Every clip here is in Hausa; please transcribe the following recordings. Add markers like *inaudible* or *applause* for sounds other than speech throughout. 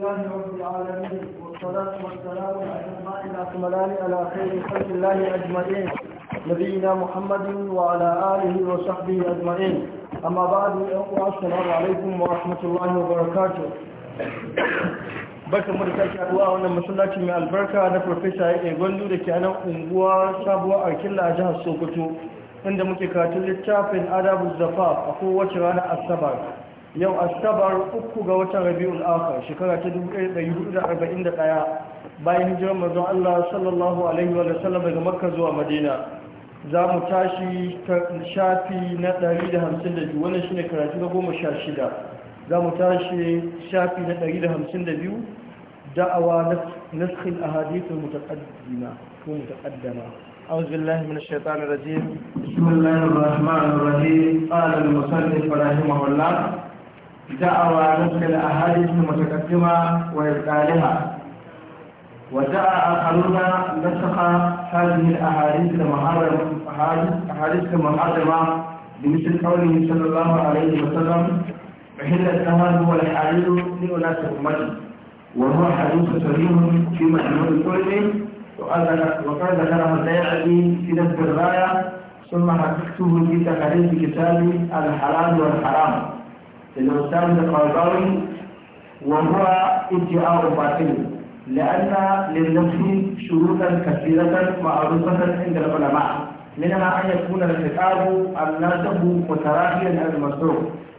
لله رب العالمين والصلاة والسلام على المال الأكملان على خير خلق الله أجمعين نبينا محمد وعلى آله وصحبه أجمعين أما بعد السلام عليكم ورحمة الله وبركاته barka mu da sake a wannan masallaci mai albarka na farfesa ya gwandu da ke unguwa sabuwar arkilla a jihar sokoto inda muke katun littafin adabu zafaf a kowace ranar asabar yau asabar uku ga watan rabiul akhir shekara ta 1441 bayan hijirar manzon Allah sallallahu alaihi wa sallam daga makka zuwa madina za mu tashi shafi na 152 wannan shine karatu na 16 za mu tashi shafi na 152 da'awa naskh al-ahadith al-mutaqaddima ko mutaqaddama أعوذ بالله من الشيطان الرجيم بسم الله الرحمن الرحيم قال المصنف رحمه الله دعوى نسخ الأحاديث المتقدمة وإبطالها ودعا آخرون نسخ هذه الأحاديث المحرمة بمثل قوله صلى الله عليه وسلم أحل هو والحرير لأناس أمتي وهو حديث سليم في مجموع العلم وقال ذكره البيعقي في نسب الراية ثم حققته في تقريب كتاب الحلال والحرام الإنسان القرضاوي وهو ادعاء باطل لأن للنفس شروطا كثيرة معروفة عند العلماء منها أن يكون الخطاب الناسب متراخيا عن المسروق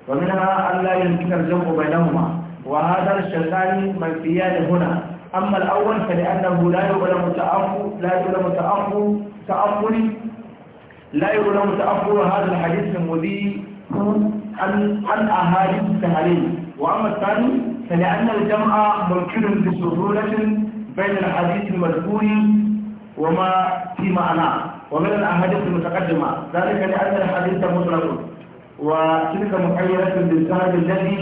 ومنها أن لا يمكن الجمع بينهما وهذا الشيطان منفيان هنا أما الأول فلأنه لا يظلم تأخر لا يظلم تأخر تأخر لا يظلم تأخر هذا الحديث المذيع عن أهالي التهاليل وأما الثاني فلأن الجمع ممكن بسهولة بين الحديث المذكور وما في معناه ومن الأحاديث المتقدمة ذلك لأن الحديث مطلق وتلك مخيرة بالسهل الذي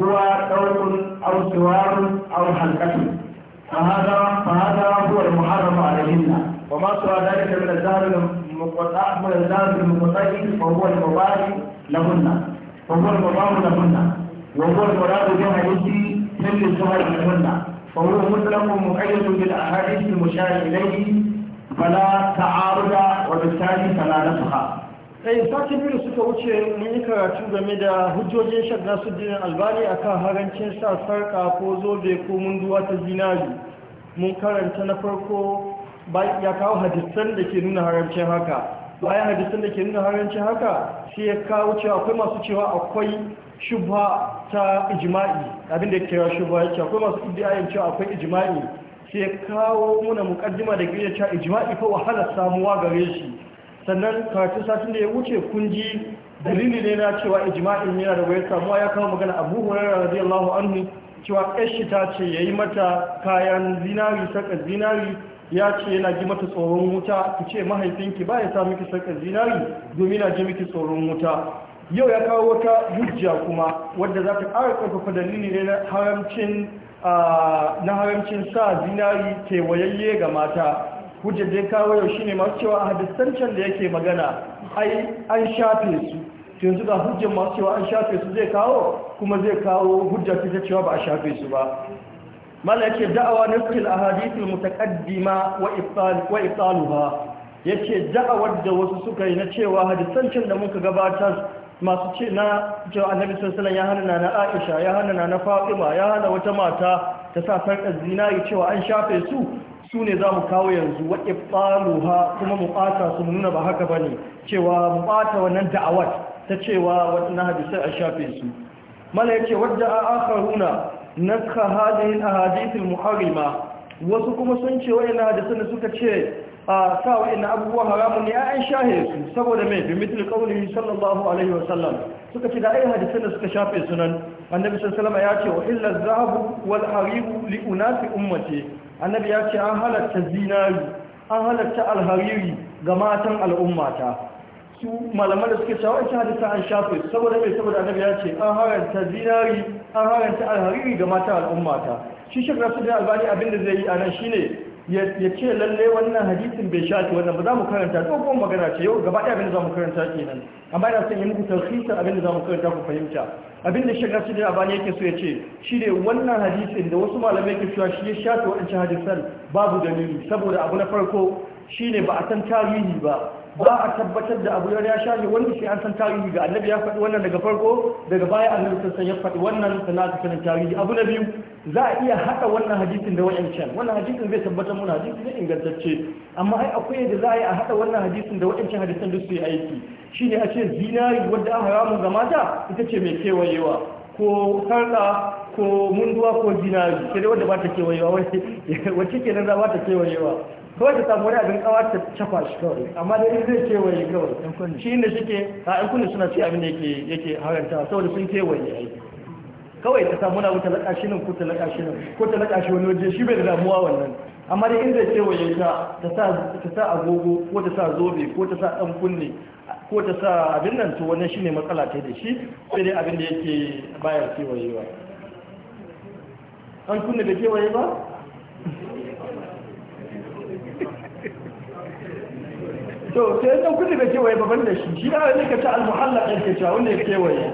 هو ثوب أو سوار أو حلقة فهذا فهذا هو المحرم عليهن وما سوى ذلك من الذهب المقطع من الذهب المقطع فهو المباح لهن فهو المضار لهن وهو المراد بحديث مثل الزهر منهن فهو مطلق مؤيد بالاحاديث المشار اليه فلا تعارض وبالتالي فلا نسخ ɗaya satin biyu suka wuce mun yi karatu game da hujjojin su nasuddin albani akan harancin sa sarka ko zobe ko munduwa ta zinari mun karanta na farko ya kawo hadisan da ke nuna harancin haka bayan hadisin da ke nuna haranci haka sai ya kawo cewa akwai masu cewa akwai shubha ta ijima'i. abin da kira shubha ya ce akwai masu iddiyayin cewa akwai ijima'i. sai ya kawo muna mukaddima da gina cewa ijima'i fa wahala samuwa gare shi sannan karatun satin da ya wuce kun ji dalili ne na cewa ijma'in yana da wayar samuwa ya kawo magana abu hurairar radiyallahu anhu cewa ƙashi ta ce ya yi mata kayan zinari saka zinari ya ce yana ji mata tsoron wuta Ku ce mahaifinki ba ya sa miki sarkar zinari domin na ji miki tsoron wuta yau ya kawo wata hujja kuma wadda za ta ƙara ƙarfafa dalili ne na haramcin sa zinari kewayayye ga mata hujjar da ya kawo yau shine masu cewa a hadistancan da yake magana ai an shafe su yanzu ga hujjar masu cewa an shafe su zai kawo kuma zai kawo hujjar ta cewa ba a shafe su ba mala da'awa nufil ahadithul mutaqaddima wa ibtal wa ibtaluha yace da'awar da wasu suka yi na cewa hadisancin da muka gabatar masu ce na cewa annabi sallallahu ya hana na Aisha ya hana na Fatima ya hana wata mata ta sa sarkar zinari cewa an shafe su su ne za mu kawo yanzu wa kuma mu ɓata su nuna ba haka bane cewa mu ɓata wannan da'awar ta cewa wannan hadisai an shafe su mala yace wadda akharuna نسخ هذه الأحاديث المحرمة ce سنشي وإن حدثنا سكتشي sa wa'in abubuwa haramun ne ya'yan shahe su saboda mai bi mitul qawlihi sallallahu alaihi wa sallam suka ce da ai hadisin da suka shafe sunan annabi sallallahu ya ce illa zahabu wal haribu li unasi ummati annabi ya ce an halatta zinari an halatta alhariri ga matan al'ummata su malaman da suke shawar ake hadisa an shafe saboda mai saboda annabi ya ce an haranta zinari an haranta alhariri ga mata al'ummata shi shi rasu da albani abin zai yi a nan shine ya ce lalle wannan hadisin bai shafe wannan ba za mu karanta dogon magana ce yau gaba ɗaya abin da za mu karanta kenan amma ina son yi muku tarhisar abin da za mu karanta ku fahimta abin da shi rasu da albani yake so ya ce shi ne wannan hadisin da wasu malamai ke cewa shi ya shafe waɗancan hadisan babu dalili saboda abu na farko shine ba a san tarihi ba ba a tabbatar da abu ya sha ne wanda sai an san tarihi ga annabi ya faɗi wannan daga farko daga baya annabi sun ya faɗi wannan sana ta tarihi abu na biyu za a iya haɗa wannan hadisin da wa'ancan wannan hadisin zai tabbatar mana hadisi ne ingantacce amma ai akwai yadda za a yi a haɗa wannan hadisin da wa'ancan hadisan duk su yi aiki shine a ce zinari wadda an haramun ga mata ita ce mai kewayewa ko sarƙa ko munduwa ko zinari sai dai wadda ba ta kewayewa *laughs* wacce kenan za ba ta kewayewa kawai ta samu wani abin kawa ta cafa shi kawai amma dai zai kewaye kawai shi ne shi a yan kunni suna ci abin da yake yake haranta saboda sun kewaye ai kawai ta samu wani abu ta laka shi nan ko ta laka shi nan ko ta laka shi wani waje shi bai da damuwa wannan amma dai inda kewaye ta ta sa agogo ko ta sa zobe ko ta sa dan kunne ko ta sa abin nan to wannan shine matsala ta da shi sai dai abin da yake bayar kewayewa an kunni da kewaye ba to sai ɗan kudi da kewaye baban da shi shi da ne ka ta al-muhallaq ke cewa wanda ya kewaye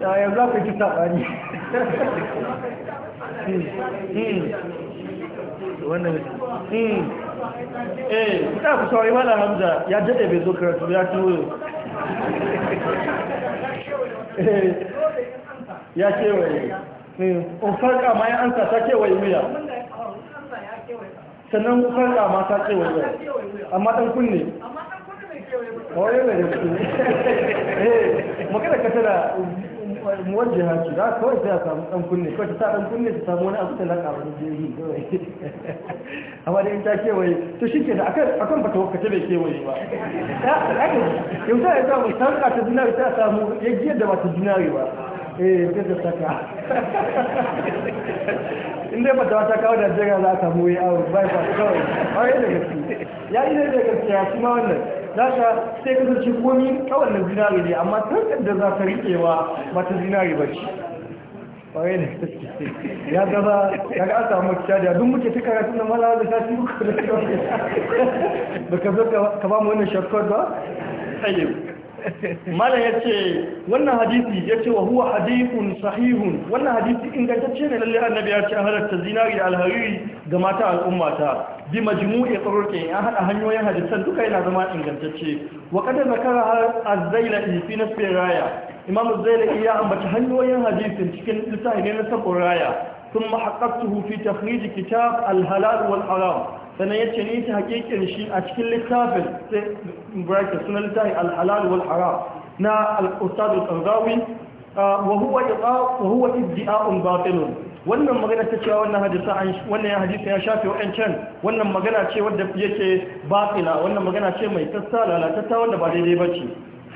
da ya za ku ci sabani wannan eh ta ku sauri mala hamza ya dade bai zo karatu ya tuwo eh, ya kewaye o eh. farka ma ya ansa ta kewaye wuya sannan farla ma ta ce wani amma dan kunne kawai da gaske eh magana ka tana muwajjin haki za kawai sai a samu dan kunne kawai ta sa dan kunne ta samu wani abu ta laka wani jeri kawai amma da in ta kewaye to shi ke da akan akan bata wakkace bai kewaye ba yau ta ya samu sarka ta dinari ta samu yajiyar da ba ta dinari ba eh sai ta saka in dai bata wata kawo Najeriya za ta muyi awo bai ba kawai kawai da gaske ya yi da gaske ya kuma wannan za ta sai ka kasance komi kawai na zinari ne amma ta da za ta riƙewa ba ta zinari ba ce kwaye ne ya gaba ya ga asa samu ta da duk muke ta karatu na malawa da tafi muku da kyau da ka zo ka ba mu wannan shakkar ba tsaye mala ya ce wannan hadisi ya ce wa huwa hadithun sahihun wannan hadisi ingantacce ne lalle annabi ya ce an halatta zinari da alhariri ga mata al'ummata bi majmu'i turqin an hada hanyoyin hadisan duka yana zama ingantacce wa kada zakara az-zailai fi nasbi raya imam az ya ambaci hanyoyin hadisin cikin littafin na sabon raya ثم حققته في تخريج كتاب الهلال والحرام sannan ya ce ni ta hakikin shi a cikin littafin bracket sunan littafin alhalal wal haram na al-ustad al wa huwa iddi'a'un batilun wannan magana ta cewa wannan hadisa an wannan ya shafe wa'ancan wannan magana ce wadda yake batila wannan magana ce mai tassala lalatatta wanda ba daidai bace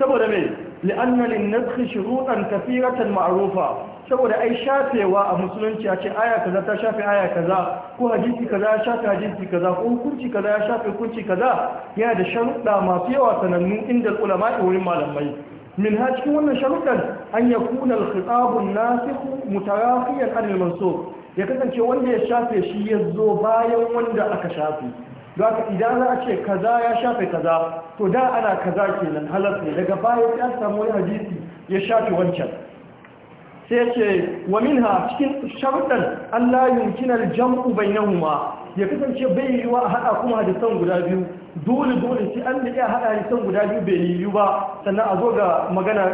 saboda me li'anna lin-nadkh shurutan kathiratan ma'rufa saboda ai shafewa a musulunci a ce aya kaza ta shafe aya kaza ko hadisi kaza ya shafe hadisi kaza ko hukunci kaza ya shafe hukunci kaza yana da sharuɗa masu yawa sanannu inda ulama wurin malamai min ha cikin wannan sharuɗan an ya kuna alkhitabun nasikhu mutarafiyan an mansur ya kasance wanda ya shafe shi ya zo bayan wanda aka shafe don haka idan za a ce kaza ya shafe kaza to da ana kaza kenan halar daga bayan ya samu wani hadisi ya shafe wancan sai ce wa minha cikin sharuɗan Allah yunkinar jam'u bainahuma ya kasance bai yiwa a haɗa kuma hadisan guda biyu dole dole sai an da iya haɗa hadisan guda biyu bai yiwu ba sannan a zo ga magana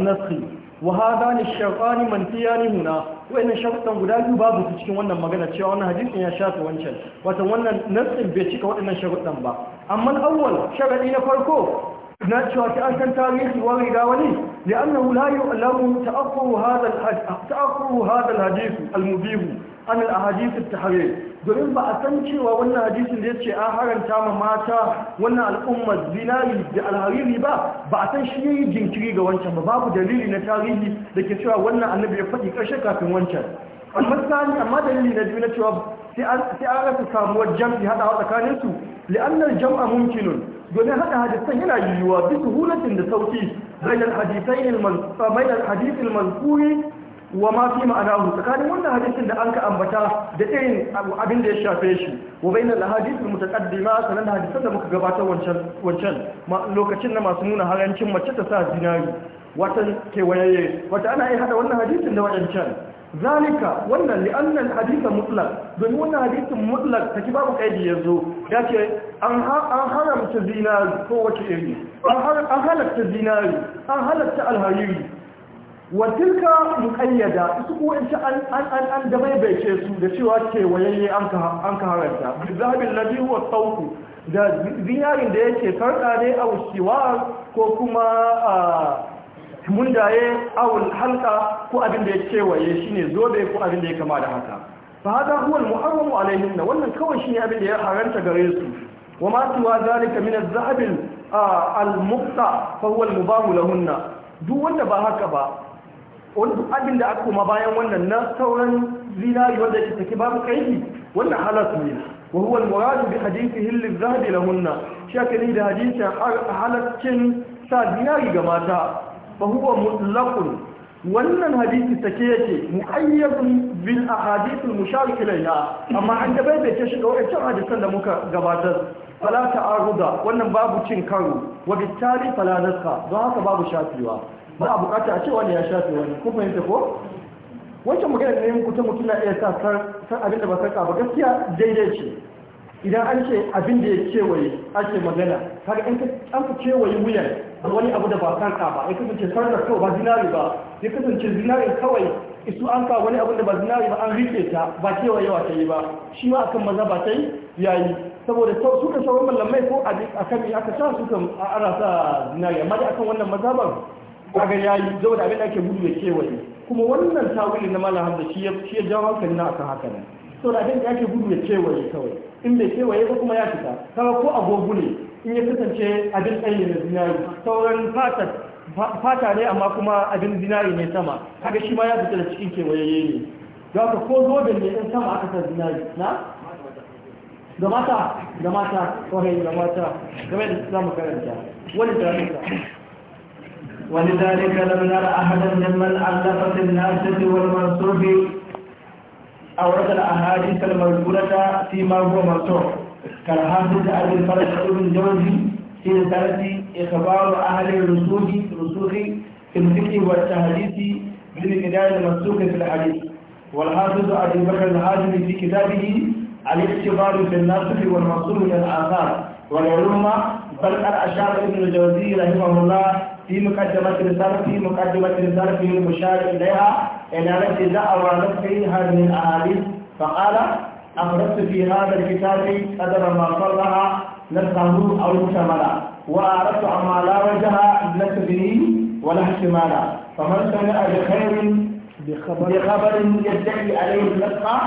nasri wa hada ni shaytani mantiyani huna wayannan sharuɗan guda biyu babu su cikin wannan magana cewa wannan hadisin ya shafi wancan wato wannan nasrin bai cika waɗannan sharuɗan ba amma awwal sharadi na farko na cewa ta an tarihi wa riga wani li'annahu la yu'lamu ta'akhkuru hadha al-ta'akhkuru hadha al-hadith al-mubih an al-ahadith at domin ba a san cewa wannan hadisin da ya ce an haranta ma mata wannan al'ummar zinari da alhariri ba ba a san shi yayi jinkiri ga wancan ba babu dalili na tarihi da ke cewa wannan annabi ya faɗi ƙarshe kafin wancan amma sani amma dalili na biyu na cewa sai an rasa samuwar jam'i haɗawa tsakaninsu li'annar jam'a mumkinun domin haka hadisan yana yiwuwa bi suhulatin da sauki bainal hadithain bainal hadith al wa ma fi ma'anahu tsakanin wannan hadisin da an ka ambata da irin abin da ya shafe shi wa bainal ahadith al-mutaqaddima sanan hadisan da muka gabata wancan wancan lokacin na masu nuna harancin mace ta sa zinari watan kewaye wata ana iya hada wannan hadisin da wancan. zalika wannan li'annan hadisa mutlak domin wannan hadisin mutlak ki babu kaidi zo. ya ce an haramta zinari ko wace iri an halatta zinari an halatta alhariri wa tilka muqayyada su ko in an an an su da cewa ce wayayye an ka an haramta bizabil ladhi wa sawtu da zinarin da yake farka ne a shiwar ko kuma ah, Mun mundaye awul halka ko abin da ya kewaye shine zobe ko abin da ya kama da haka fa hada huwa almuharramu na. wannan kawai shine abin da ya haranta gare su wa ma tuwa zalika min az-zahab al-muqta fa huwa al-mubah lahunna duk wanda ba haka ba wanda abin da aka kuma bayan wannan na sauran zinari wanda yake take babu kaifi? wannan halatu ne Wa وهو المراد بحديثه للذهب da hadisi ده sa zinari ga mata. fa huwa mutlaqun wannan hadisi take yake muqayyadun bil ahadith al musharik ilayha amma an da bai bace shi da wancan hadisan da muka gabatar fala ta'aruda wannan babu cin karo wa bittali fala naska don haka babu shafiwa ba a bukata a ce wani ya shafe wani ko fahimta ko wancan magana ne mutum mutum na iya sa san abin da ba sarka ba gaskiya daidai ce idan an ce abin da ya kewaye ake magana kaga an ka kewaye wuyar. wani abu da ba kanka ba ya kasance sarrafa kawai ba zinari ba ya kasance zinari kawai isu an ka wani abu da ba zinari ba an rike ta ba cewa yawa ta yi ba shi ma akan maza ba ta yi yayi saboda suka sauran mallamai ko a kan yi aka sa suka ana sa zinari amma da akan wannan mazaban kaga yayi saboda abin da ake gudu ya kewaye kuma wannan tawili na malam hamza shi ya jawo hankali na akan haka ne saboda abin da ake gudu ya kewaye kawai in bai kewaye ba kuma ya fita kawo ko agogu ne in ya kasance abin ɗanye na zinari sauran fata ne amma kuma abin zinari mai sama kaga shi ma ya fita da cikin kewaye ne za ka ko zobe ne ɗan sama aka sa zinari na da mata da mata kawai da mata game da za mu karanta wani dalilta ولذلك لم نر أحدا ممن ألف في الناشة والمنصوب أورد الأحاديث المذكورة فيما هو مرتوح كالحافظ أبي الفرج بن جوزي في رسالة إخبار أهل الرسوخ رسوخ في الفقه والتحديث كتاب المسوخ في الحديث والحافظ أبي بكر الحازم في كتابه الاختبار في الناسخ والمنصوب إلى الآثار وغيرهما بل قد أشار ابن الجوزي رحمه الله في مقدمة رسالته مقدمة رسالته المشار إليها إلى التي دعوى نفسها من الأحاديث فقال أخرجت في هذا الكتاب قدر ما صلها نفسه أو شملا وأردت عما لا وجه لك به ولا احتمالا فمن سمع بخير بخبر, بخبر يدعي عليه النفع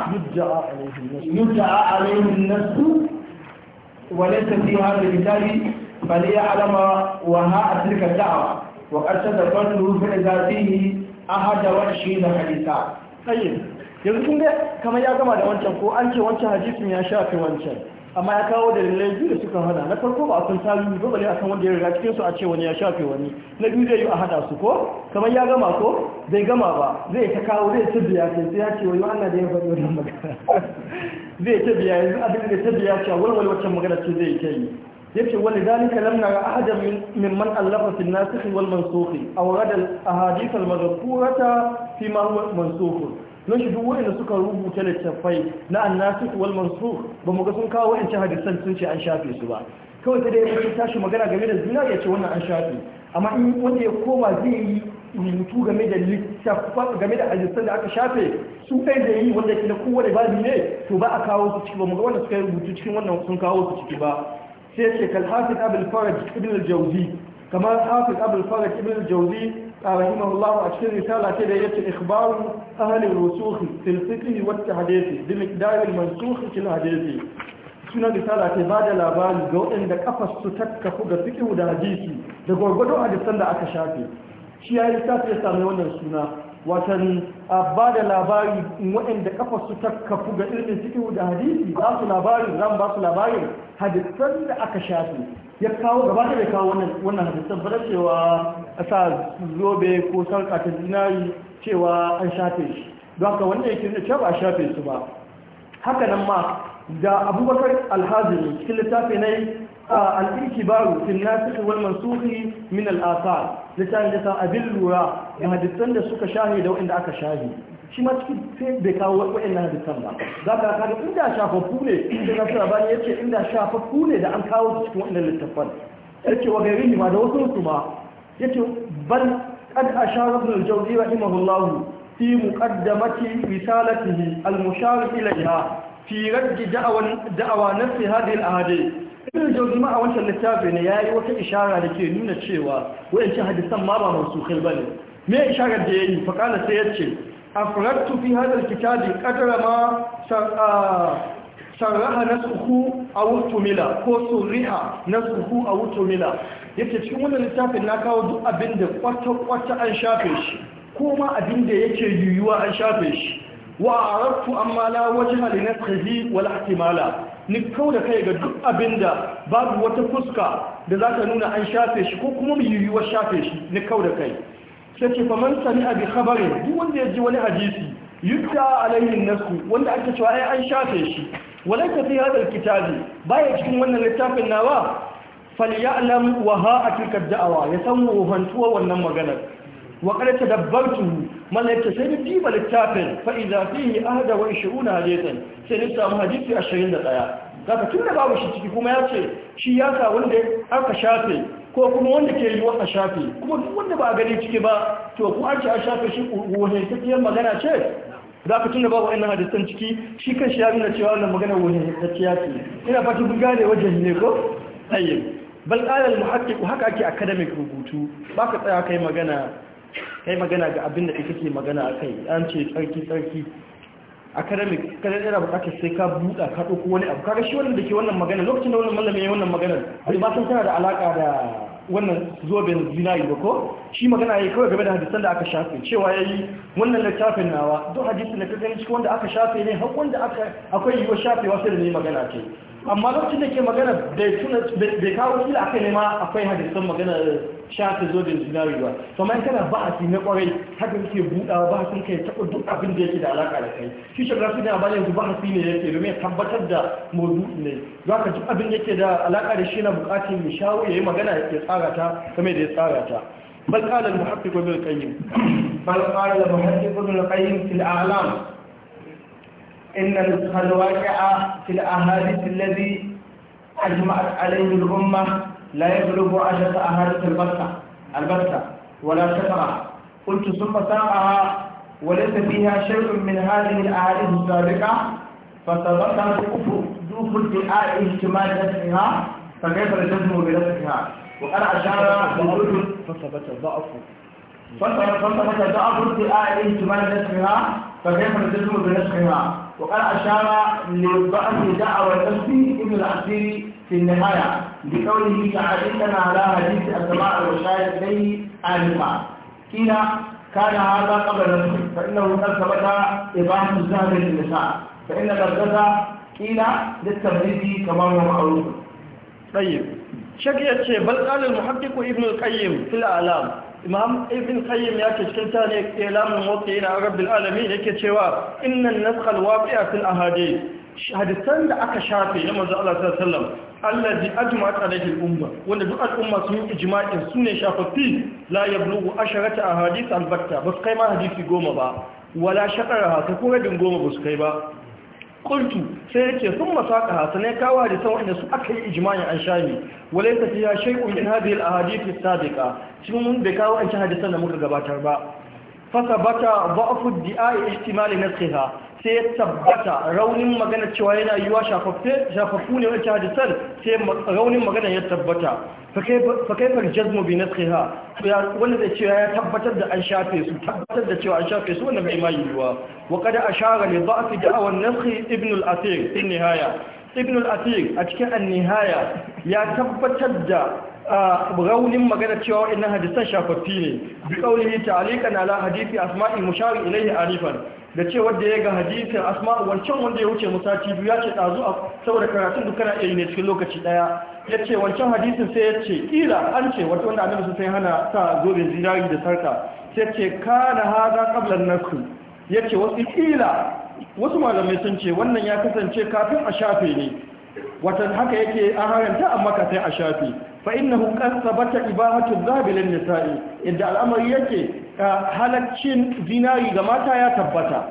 يدعى عليه النفس وليس في هذا الكتاب فليعلم وها تلك الدعوة وقد صدقته في ذاته ahada wa da hadisa tsayin yanzu kun ga kamar ya gama da wancan ko an ce wancan hadisin ya shafe wancan amma ya kawo dalilai biyu da suka hada na farko ba a san tarihi ba bale a san wanda ya riga cikin su a ce wani ya shafe wani na biyu zai yi a hada su ko kamar ya gama ko zai gama ba zai ta kawo zai ta biya sai sai ya ce wani Allah da ya faɗi wannan magana *laughs* zai ta biya yanzu abin da ta biya cewa wani wani wancan magana ce zai ta yi yace walidalika lam nara ahadan mimman allafa fil nasikh wal mansukh aw rada al ahadith al madhkurata fi ma huwa mansukh don shi duk wanda suka rubuta littafai na an annasikh wal mansukh ba mu ga sun kawo wa'ancan hadisan sun ce an shafe su ba kawai sai dai ya tashi magana game da zina ya ce wannan an shafe amma in wanda ya koma zai yi rubutu game da littafan game da hadisan da aka shafe su kai da yi wanda ke na kowane babi ne to ba a kawo su ciki ba mu ga wanda suka yi rubutu cikin wannan sun kawo su ciki ba sai ce kal hafiz abul faraj ibn al-jawzi kamar hafiz abul faraj ibn al-jawzi rahimahullah a cikin risala ce da yace ikhbaru ahli rusukh fil fiqh wa tahdith bi miqdar al-mansukh fil hadith sunan risala ce ba da labari ga waɗanda kafas su takkafu ga fiqh da hadisi da gwargwado hadisan da aka shafe shi yayi lissafi ya sami wannan suna watan ba da labari waɗanda kafa su ta kafu ga irin cikin da hadisi ba su labarin zan ba su labarin hadisan da aka shafi ya kawo gaba da bai kawo wannan hadisan ba cewa a sa zobe ko sarƙa ta zinari cewa an shafe shi don haka wanda yake da cewa ba a shafe su ba haka nan ma da abubakar alhazini cikin littafi na A inkibaru fil nasikh wal mansukh min al-athar litan da ta abin lura da hadisan da suka shahi da wanda aka shahi shi ma cikin sai bai kawo waɗannan hadisan ba za ka kaga inda shafaffu ne sai na sura bani ce inda shafafu ne da an kawo cikin littattafan, ya ce wa gari ma da wasu su ma ban kad a ashara ibn al-jawzi rahimahullahu fi muqaddamati risalatihi al-mushar ilayha fi radd da'awa da'awa nafsi hadhihi al-ahadith ibn jawzi a wancan littafi ne yayi wata ishara da ke nuna cewa wayancin hadisan ma ba mansukhai bane me isharar da yayi fa kana sai yace afradtu fi hadha alkitabi qadra ma sarraha nasuhu aw tumila ko surriha nasuhu aw tumila yace cikin wannan littafin na kawo duk abin da kwata kwata an shafe shi ko ma abin da yake yuyuwa an shafe shi wa arabtu amma la wajha li nasuhi wal ihtimala ni kau da kai ga duk abinda babu wata fuska da za ka nuna an shafe shi ko kuma mu yiwuwar shafe shi ni kau da kai sai ce faman sani abi khabarin duk wanda ya ji wani hadisi yutta alaihin nasu wanda ake cewa ai an shafe shi walaita fi hadal kitabi baya cikin wannan littafin nawa falyalam wa ha'atil da'awa ya san wuhantuwa wannan maganar wa qad tadabbartu mallaka sai da diba littafin fa'iza fihi ahada wa 20 hadisan sai da samu hadisi 21 zaka tun da babu shi ciki kuma ya ce shi ya sa wanda aka shafe ko kuma wanda ke yi a shafe kuma duk wanda ba a gani ciki ba to ku an ce a shafe shi wahentacciyar magana ce za ka tun da babu wa'annan hadisan ciki shi kan shi ya nuna cewa wannan magana wahentacciya ce ina fata kun gane wajen ne ko ayyuka bal qala al muhaqqiq haka ake academic rubutu baka tsaya kai magana kai magana ga abin da kake magana a kai an ce tsarki tsarki academic kada yana bukatar sai ka buɗa ka ɗauko wani abu kaga shi wannan da ke wannan magana lokacin da wannan malami ya yi wannan magana bai ba san tana da alaka da wannan zoben zinari ba ko shi magana ya yi kawai game da hadisan da aka shafe cewa ya yi wannan littafin nawa duk hadisan da ka gani cikin wanda aka shafe ne har wanda aka akwai yiwuwar shafewa sai da ne magana ce amma lokacin da ke magana bai kawo kila akai ne ma akwai hadisan magana sha zo da zinari ba to mai kana fi na kwarai haka kake budawa sun kai taɓa duk abin da yake da alaka da kai shi shi rafi da bayan yanzu ba'asi ne yake domin tabbatar da mawdu ne za ka duk abin yake da alaka da shi na bukatun ya shawo ya yi magana ya tsara ta game da ya tsara ta bal qala al muhaqqiq ibn al qayyim bal qala al muhaqqiq ibn al qayyim fil a'lam إن الواقع في الأحاديث الذي أجمعت عليه الأمة لا يبلغ عدد أهالة البتة البتة ولا شفرة قلت ثم ساقها وليس فيها شيء من هذه الأهالي السابقة فتذكرت ذوق الدعاء احتمال نفسها فكيف الجزم بنفسها وقد أشار بوجود فثبت ضعف فثبت ضعف الدعاء احتمال نفسها فكيف الجزم بنفسها وقال أشار لضعف دعوى النفس ابن العسيري في النهاية بقوله تعالى إننا على حديث السماء والشاهد إليه آنفا قيل كان هذا قبل النصر فإنه قد ثبت إباحة الزهد للنساء فإن لفظة قيل للتبريد كما هو معروف طيب شكيت شيء بل قال المحقق ابن القيم في الأعلام imam ibn qayyim ya ce cikin tare ilamin muwaqqi ila rabbil alamin yake cewa innan naskhal waqi'a fil ahadith hadisan da aka shafe na manzo Allah sallallahu alaihi wasallam allazi ajma'at alaihi al-umma wanda duk al'umma sun yi ijma'in sune shafafi la yablughu asharata ahadith albatta bas kai ma hadisi goma ba wala shaqara ka ko radin goma bas kai ba qultu sai yace sun masaka hasane kawo hadisan wanda su aka yi ijma'in an shani walaysa tafiya, shay'un min hadhihi al-ahadith as-sabiqa cikin bai kawo an hadisan da muka gabatar ba fasabata dha'fu ad-di'a na naskhiha sai ya tabbata raunin magana cewa yana yiwa shafaffu ne wacce hadisan sai raunin magana ya tabbata Fa fakaifar jazmu bi nasiha wanda zai cewa ya tabbatar da an shafe su tabbatar da cewa an shafe su wanda bai ma yiwa wa kada ashara li da'fi da'awan nasikh ibn al-athir fi nihaya ibn al-athir a cikin an-nihaya ya tabbatar da raunin magana cewa wa'annan hadisan shafaffi ne bi qawlihi ta'aliqan ala hadithi asma'i mushari ilayhi alifan da ce wadda ya ga hadisin asma wancan wanda ya wuce musati biyu ya ce ɗazu a saboda karatun duk kana ne cikin lokaci daya. ya ce wancan hadisin sai ya ce ƙila an ce wata wanda annabi sai hana sa zobe zinari da sarka sai ce na haza na naku ya ce wasu ƙila wasu malamai sun ce wannan ya kasance kafin a shafe ne Wata haka yake a haranta amma ka a shafi fa innahu qad sabata ibahatu dhahabi lin nisa'i inda al'amari yake halaccin zinari ga mata ya tabbata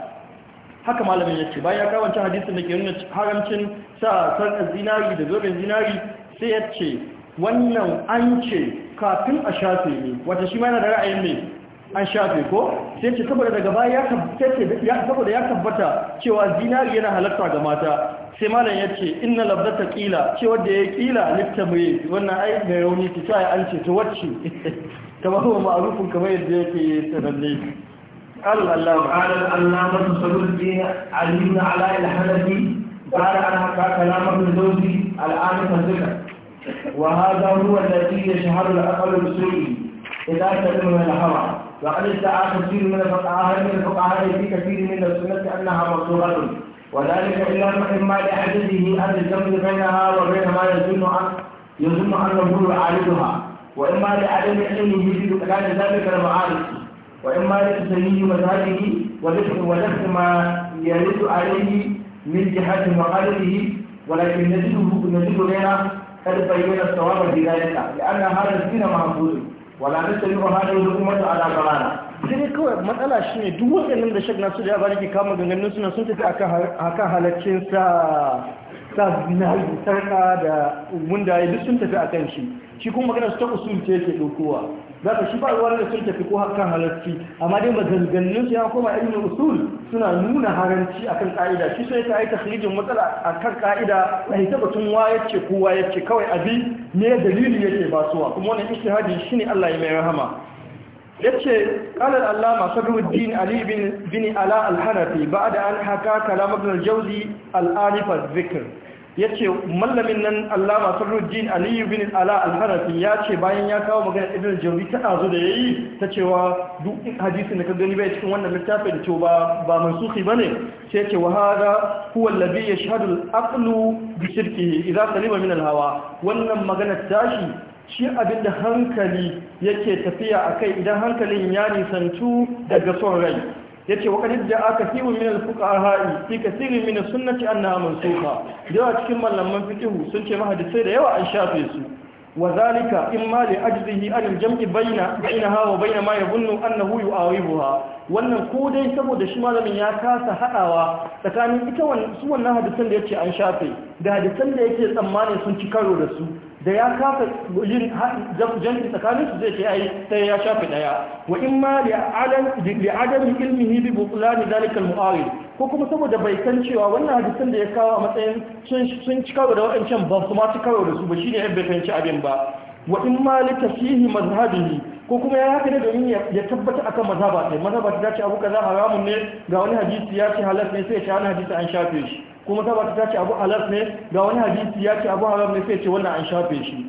haka malamin ce. bayan ya kawo hadisin da ke nuna haramcin sa sarkar zinari da zoben zinari sai yace wannan an ce kafin a shafi ne wata shi ma yana da ra'ayin ne an shafe ko sai ce saboda daga baya ya ya saboda ya tabbata cewa zinari yana halarta ga mata sai malam ya ce inna labdata qila ce wanda ya qila lifta wannan ai da rauni ki sai an ce to wacce kamar kuma ma'arufin kamar yadda yake sananne قال الله قال العلامة صدر الدين علي بن علاء الحنفي قال أنا كلام ابن زوجي الآن فزكر وهذا هو الذي يشهر الأقل بسوء إذا سلم من الهوى وقد ادعى كثير من الفقهاء من الفقهاء في كثير من السنة أنها مقصورة وذلك إلا إما لحدثه أن الجمع بينها وبين ما يظن يظن أنه عارضها وإما لعدم علمه بإمكان ذلك المعارض وإما لتسليم مذهبه ولفت ما يرد عليه من جهة مقالته ولكن نجده نجد لنا قد بين الصواب في ذلك لأن هذا الدين محفوظ wala na sayi wa hada wani kuma ta ala galana sai dai kawai matsala shi ne duk waɗannan da shagna su da ya yaba ke kama ganganin suna sun tafi akan halaccin sa sa zinari sarka da mundaye duk sun tafi a kan shi shi kuma magana su ta usul ce ke ɗaukowa za ka shi ba ruwan da sun tafi ko hakan halarci amma dai maganganun su ya koma ilmin usul suna nuna haranci akan ka'ida shi sai ka yi takhrijin matsala akan ka'ida a hita batun wa yace kowa yace kawai abi ne dalili yake basuwa kuma wannan shi shine Allah ya mai rahama yace qala al-allama sadruddin ali bin ala al ba ba'da an haka kalam ibn al-jawzi al yace mallamin nan Allama Sarruddin Ali ibn Ala al ya ce bayan ya kawo magana idan Jawzi ta dazu da yayi ta cewa duk hadisin da ka gani bai cikin wannan littafin da ba ba ne? bane sai yace wa hada huwa alladhi yashhadu al-aqlu bi shirki idza salima min al-hawa wannan magana tashi shi abinda hankali yake tafiya a kai idan hankalin ya nisantu daga son rai yace wa qad aka kathirun min al-fuqaha fi kathirin min as-sunnati annaha mansuha da cikin malaman fiqh sun ce mahadisai da yawa an shafe su وذلك إما لأجزه عن الجمع بين بينها وبين ما يظن أنه يعاوبها wannan ko dai saboda shi malamin ya kasa haɗawa tsakanin ita su wannan hadisan da yace an shafe da hadisan da yake tsammanin sun ci karo da su da ya kafa yin jami'in tsakanin su zai ce sai ya shafi daya wa in ma li adam ilmihi bi butlan zalika al ko kuma saboda bai san cewa wannan hadisin da ya kawo a matsayin sun ci karo da waɗancan ba su ma ci da su ba shine yan bai fahimci abin ba wa in ma li tasihi mazhabihi ko kuma ya haka ne domin ya tabbata akan mazhaba sai mazhaba ta ce abu kaza haramun ne ga wani hadisi ya ce halal ne sai ya ce wani hadisi an shafe shi kuma sabata ta ce abu halal ne ga wani hadisi ya ce abu halal ne sai ce wannan an shafe shi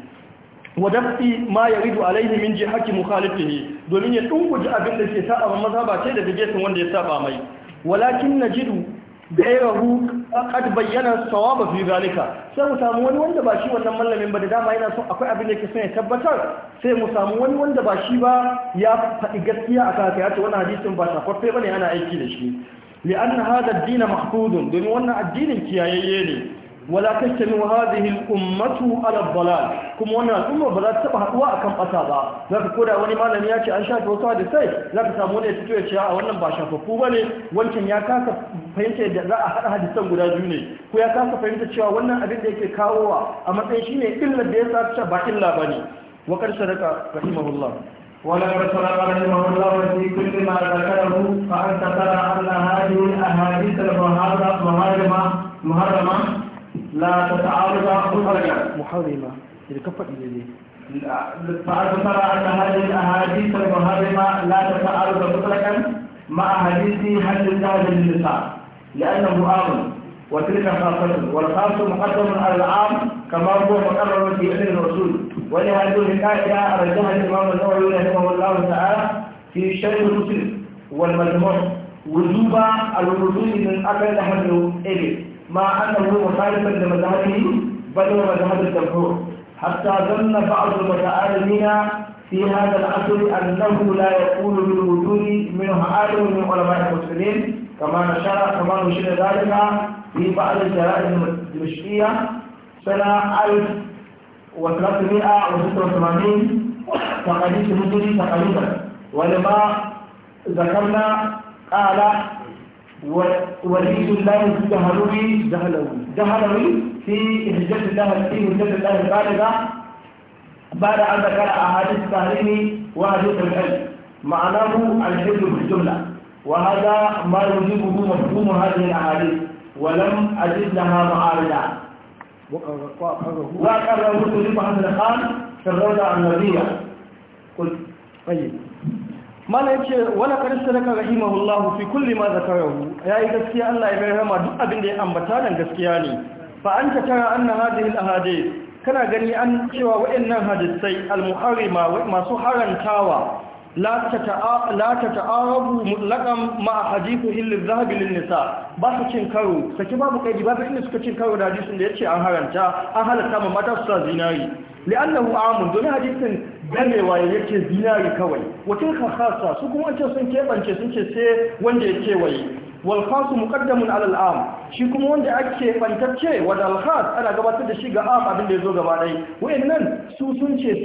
wadafi ma ya ridu alaihi min mukhalifi ne domin ya dunguji abin da ke saba ba ce daga gefen wanda ya saba mai walakin najidu gairahu qad bayyana sawaba fi zalika sai mu samu wani wanda ba shi wannan mallamin ba da dama yana so akwai abin da yake son ya tabbatar sai mu samu wani wanda ba shi ba ya faɗi gaskiya a haka ya ce wannan hadisin ba ne bane ana aiki da shi li'an hada dina mahfudun domin wannan addinin kiyayeye ne wala tashtamu hadhihi al-ummatu ala dalal kuma wannan al'umma ba za ta taba haduwa akan bata ba zaka koda wani malami ya ce an shafe wasu hadisai zaka samu wani ya fito ya ce a wannan ba shafafu bane wancan ya kasa fahimta da za a hada hadisan guda biyu ne ko ya kasa fahimta cewa wannan abin da yake kawowa a matsayin shine illar da ya sa ba illa bane wa kar sadaka rahimahullah ولقد صدق رحمه الله في كل ما ذكره فأنت ترى أن هذه الأحاديث المهاجمة محرمة لا تتعارض مخرجا محرمة الكفر إليه فأنت ترى أن هذه الأحاديث المهاجمة لا تتعارض مطلقا مع حديث حد الذهب للنساء لأنه عام وتلك خاصة والخاص مقدم على العام كما هو مقرر في علم الرسول ولهذه الآية أرجها الإمام النووي رحمه الله تعالى في شرح المسلم والمجموع وجوب الوضوء من أكل لحم الإبل مع أنه مخالفا لمذهبه بل ومذهب الجمهور حتى ظن بعض المتعالمين في هذا العصر أنه لا يقول بالوجود منه عالم من علماء المسلمين كما نشر كما نشر ذلك في بعض الجرائد الدمشقية سنة 1000 وثلاثمائة تقاليد مدري تقريبا ولما ذكرنا قال وليد الله الدهلوي دهلوي في هجة الله في هجة الله البالغة بعد أن ذكر أحاديث التحريم وحديث العلم معناه الحلم في الجملة وهذا ما يجيبه مفهوم هذه الأحاديث ولم أجد لها معارضة وقرره تجيب عن الخان في الروضة النبية قلت طيب ما لك ولا كرسلك رحمه الله في كل ما ذكره يا إذا الله إبراهيم دقا بندي أنبتانا قسكياني فأنت ترى أن هذه الأهاديث كان غني أن شوى وإن هذه السيء المحرمة وما سحرا تاوى la ta ta'arabu mutlaqan ma hadithu hill adh-dhahab lin-nisa ba su cin karo saki babu kaidi babu inda suka cin karo da hadisin da yace an haranta an halatta ma mata su sa zinari li'annahu amun don hadisin gamewa yake zinari kawai wacin khassa su kuma sun keɓance sun ce sai wanda ya kewaye wal muƙaddamun alal am shi kuma wanda ake bantacce wa al ana gabatar da shi ga am abin da yazo gaba dai nan su sun ce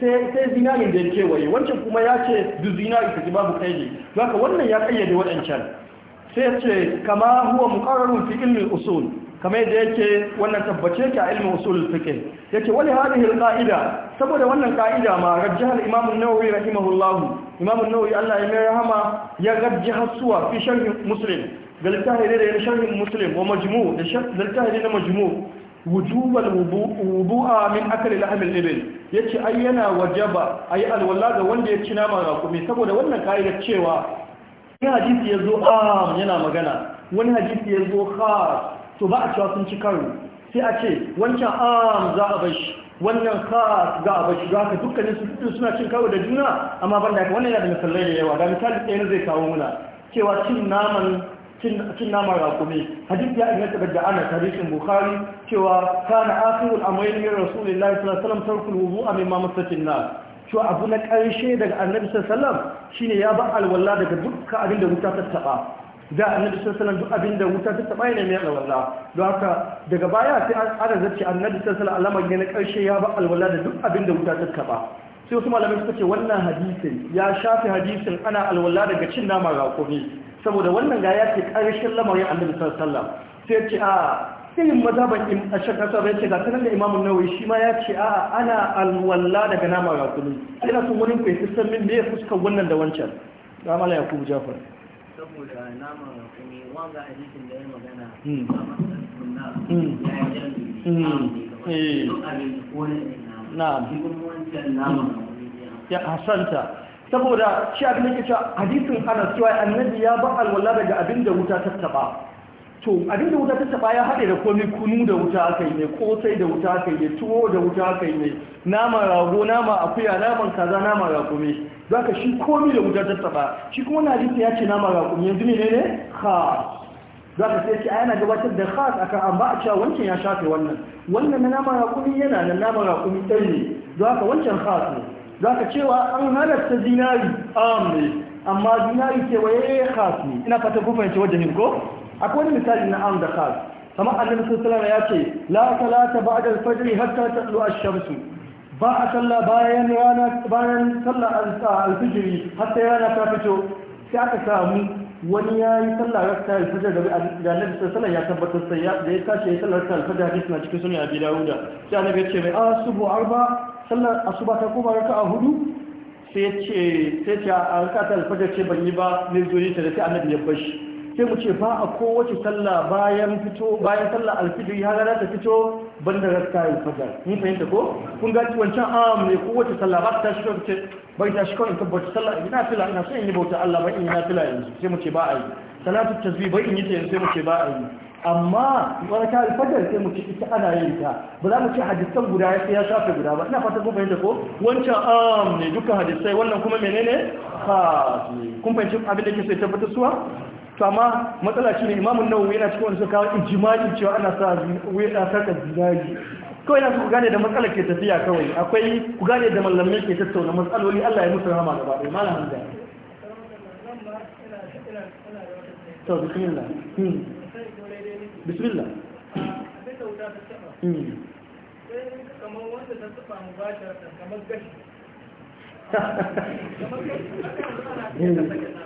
sai zinarin da ya waye wancan kuma ya ce du zinari ta babu kaiji haka wannan ya kayyade waɗancan. sai ce kama huwa muqarrarun fi ilmi usul kamar yadda yake wannan tabbace a ilmin usul fiqh yake wani hadhihi al saboda wannan ƙa'ida ma rajjaha al imam an-nawawi rahimahullahu imam nawawi Allah ya rahama ya gaji hasuwa fi sharhi muslim da littafin da ya muslim wa majmu' da littafin na majmu' wujubal wudu'a min akali lahm al-ibil yace ai yana wajaba ai alwala ga wanda ya ci nama rakumi saboda wannan kaida cewa in hadisi yazo am yana magana wani hadisi yazo khas to ba a cewa sun ci karo sai a ce wancan am za a bashi wannan khas ga abashi ga ka dukkanin su suna cin karo da juna amma banda haka wannan yana da misalai da yawa ga misali ɗaya zai kawo muna cewa cin naman cin naman rakumi hadith ya inganta da ana tarihin bukhari cewa kana akhirul amrayn min rasulillahi sallallahu alaihi wasallam tarkul wudu'a mimma masatin nas cewa abu na karshe daga annabi sallallahu alaihi wasallam shine ya ba alwala daga dukkan abin da wuta ta taba da annabi sallallahu duk abin da wuta ta taba yana mai alwala don haka daga baya sai an zace annabi sallallahu alaihi wasallam na karshe ya ba alwala da duk abin da wuta ta taba sai wasu malamai suka ce wannan hadisin ya shafi hadisin ana alwala daga cin nama raƙumi saboda wannan ga ya ce karshen lamarin annabi sallallahu alaihi wasallam sai ce a irin ban in a shakka sabai ce ga sanar da imamun nawai shi ma ya ce a ana alwala daga nama raƙumi sai na sun wani kwaifisar min me ya fuskar wannan da wancan ramala yakubu jafar saboda naman hadisin da ya magana hmm. a matsayin hmm. ya yi jiran hmm. eh. ya hasanta saboda shi abin da ke cewa hadisin ana cewa annabi ya ba alwala daga abin da wuta ta taba to abin da wuta ta taba ya haɗe da komai kunu da wuta aka yi ne kosai da wuta aka yi ne tuwo da wuta aka yi ne nama rago nama akuya naman kaza nama rago ne za ka shi komi da wutar ba shi kuma na jinta ya ce nama raƙumi yanzu ne ne ne khas za ka sai ce a yana gabatar da khas a an ba a cewa wancan ya shafe wannan wannan na nama raƙumi yana da nama raƙumi ɗan ne za ka wancan khas ne za ka cewa an halatta zinari amme amma zinari kewaye khas ne ina fata kun fahimci wajen ko akwai wani misali na am da khas kamar annabi sallallahu alaihi wasallam ya ce la salata ba'da al-fajr hatta tatlu ash-shamsu ba a sallah bayan rana bayan sallah alfijiri har sai rana ta fito sai aka samu wani ya yi sallah rakta alfajar da da annabi sallallahu ya tabbatar sai ya da ya tashi ya sallar alfajar hadisi na cikin sunan abi dawuda sai annabi ya ce mai asubu ah, arba sallar asuba ta kuma raka'a hudu sai ya ce sai ce a rakata alfajar ce ban yi ba ne zo ta da sai annabi ya bashi sai mu ce ba a kowace sallah bayan fito bayan sallah alfijiri har rana ta fito banda rasta yi fajar ni fahimta ko kun ga wancan am ne ko wata sallah ba ta shiga ce bai ta shiga in tabbata sallah ina fila ina son in yi bauta Allah bai in yi yanzu sai mu ce ba a yi salatu tasbih bai in yi ta yanzu sai mu ce ba a yi amma baraka al fajar sai mu ce ita ana yin ta ba za mu ce hadisan guda ya ya shafe guda ba ina fata kun fahimta ko wancan am ne dukkan hadisai wannan kuma menene ha kun fahimci abin da ke sai tabbatar suwa to amma matsala ne imamun nawawi yana cikin wani suka kawo ijma'i cewa ana sa wuya saka zinari kawai na ku gane da matsalar ke tafiya kawai akwai ku gane da mallamai ke tattauna matsaloli Allah ya musu rahama gaba ɗaya malam hamza to bismillah hmm bismillah hmm kamar wanda ta tuba mubashara kamar gashi *laughs* kamar gashi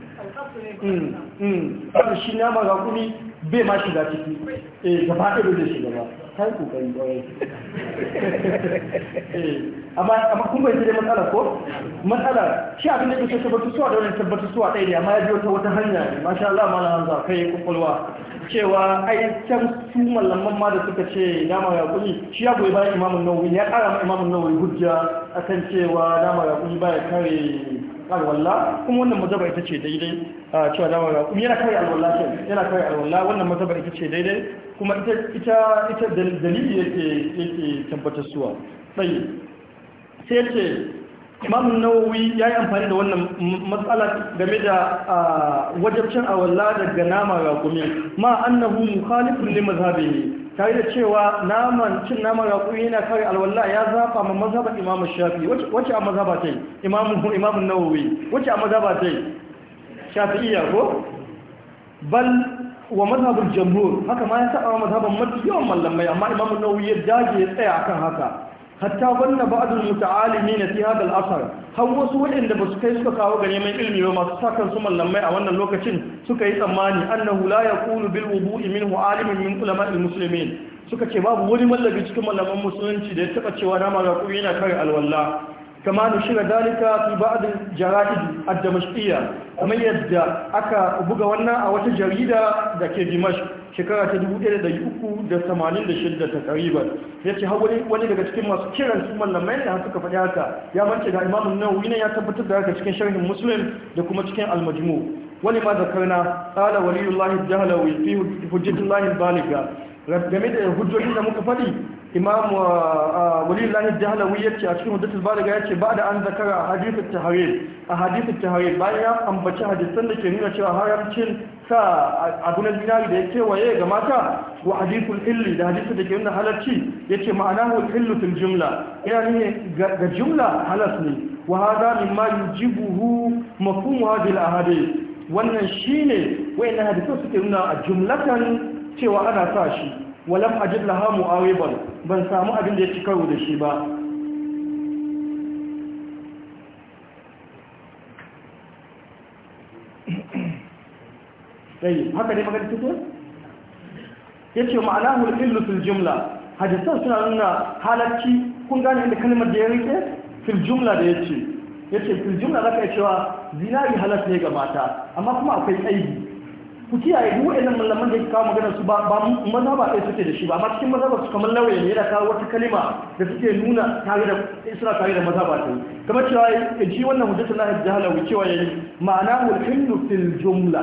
Mm, mm. ba shi nama ga kuni bai ma shiga ciki eh gaba ɗaya da shiga ba ta yi kokari ɗaya amma amma kun bai da matsala ko matsala shi abin da kake tabbatu suwa da wani tabbatu suwa ɗaya ne amma ya biyo ta wata hanya masha Allah ma nan za kai kokolwa cewa ai can su mallaman ma da suka ce nama ya kuni shi ya goyi bayan imamun nawawi ya ƙara ma imamun nawawi hujja akan cewa nama ya kuni baya kare alwallah kuma wannan mazhaba ita ce daidai a cewa da wala kuma yana kawai alwallah ce yana kawai alwallah wannan mazhaba ita ce daidai kuma ita ita ita dalili yake yake tabbatar suwa sai sai ce Imam Nawawi ya yi amfani da wannan matsala game da wajabcin awalla daga nama ga kuma ma annahu mukhalifun li mazhabihi tare da cewa naman cin naman raƙumi yana kare alwala ya zafa ma mazhabar imamu shafi wacce a mazhaba ta yi imamu imamun nawawi wacce a mazhaba ta yi iya ko bal wa mazhabar jamhur haka ma ya saba mazhabar mafi yawan mallamai amma imamun nawawi ya dage tsaya akan haka hatta wanda muta'alimi muta'alimin fi hada asar. har wasu waɗanda ba su kai suka kawo ga neman ilmi ba masu sakan su mallamai a wannan lokacin suka yi tsammani annahu la yaqulu bil wudu'i minhu alimin min ulama'il muslimin suka ce babu wani mallabi cikin mallaman musulunci da ya taba cewa nama ga kuma yana kare alwala kama nushira dalika fi ba'd jara'id ad-damashqiyya kamar yadda aka buga wannan a wata jarida da ke Dimash shekara ta 1386 takriban yace ce wani wani daga cikin masu kiran su mallamai da suka faɗi haka ya mance da Imam Nawawi ne ya tabbatar da haka cikin sharhin Muslim da kuma cikin al wani ma zakarna tsada waliyullahi jahlawi fi hujjatullahi baligha game da hujjojin da muka faɗi imam da uh, uh, ya yace a cikin huddatul balaga yace ba da an zakara hadithut tahrir a hadithut tahrir bayan ya ambaci hadisan da ke nuna cewa haramcin sa abu na zinari da ya kewaye ga mata wa hadithul illi da hadisin da ke nuna halarci yace ma'ana illu fil jumla ina ne ga jumla halas ne wa hada mimma yujibuhu mafhum hadhihi ahadith wannan shine wayannan hadisan suke nuna a jumlatan cewa ana sa shi walam ajid laha mu'ariban ban samu abin da ya ci da shi ba *coughs* sai haka magana yace ma'ana hulqillu fil jumla hadisan suna nuna halacci kun gane inda kalmar da ya rike fil jumla da yace yace fil jumla zaka cewa zinari halas ne ga mata amma kuma akwai aibi ku kiyaye duk waɗannan malaman da ke kawo magana su ba maza ba ɗaya suke da shi ba amma cikin maza ba su kamar lauya ne yana kawo wata kalima da suke nuna tare da isra tare da maza ba ta kamar cewa ji wannan hujjatul lahi jahalawi cewa yayi ma'ana wal hindu fil jumla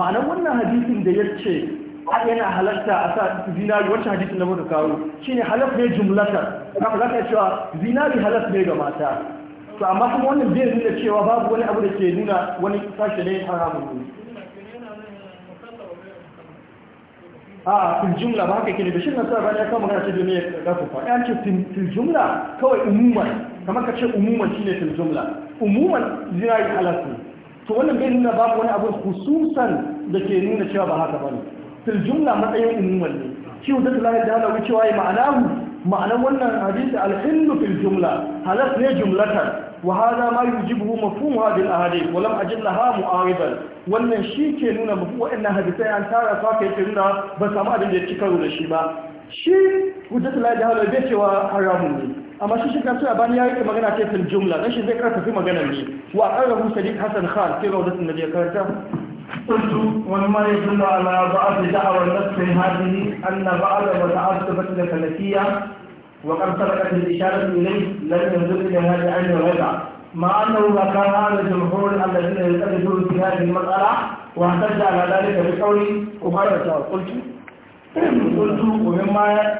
ma'anar wannan hadisin da yace yana halarta a sa zinari wancan hadisin da muka kawo shine halaf ne jumlatar ka zaka cewa zinari halaf ne ga mata to amma kuma wannan bai nuna cewa babu wani abu da ke nuna wani sashe ne haramun ne a fil jumla ba haka kine da Shin nan sa bani aka magana ta duniya da ku fa Ya fil jumla kawai umuman kamar ka ce umuman shine fil jumla umuman zirai halatu to wannan bai nuna babu wani abu khususan da ke nuna cewa ba haka bane fil jumla matsayin umuman ne shi wanda ta lafiya da cewa ya ma'anahu ma'anar wannan hadisi al-hillu fil jumla halas ne jumlatan وهذا ما يجيبه مفهوم هذه الأحاديث ولم أجد لها معارضا wannan shi ke nuna mafi waɗannan hadisai an tara su aka yake nuna ba samu abin da ya ci karo da shi ba shi hujjatul lahi halu bai cewa haramun ne amma shi shi kansu bani ya yi magana ce fil jumla dan shi zai karfafi magana ne wa qarrahu sadiq hasan khan fi rawdatin nabi karanta قلت ومما يدل على ضعف دعوى النفس هذه أن بعض وتعصبت لفلكية وقد سبقت الإشارة إليه لم ينزل إلى هذا العلم ويدع مع أنه ما كان هذا الجمهور الذين يلتفتون في هذه المسألة واحتج على ذلك بقوله وقال قلت قلت ومما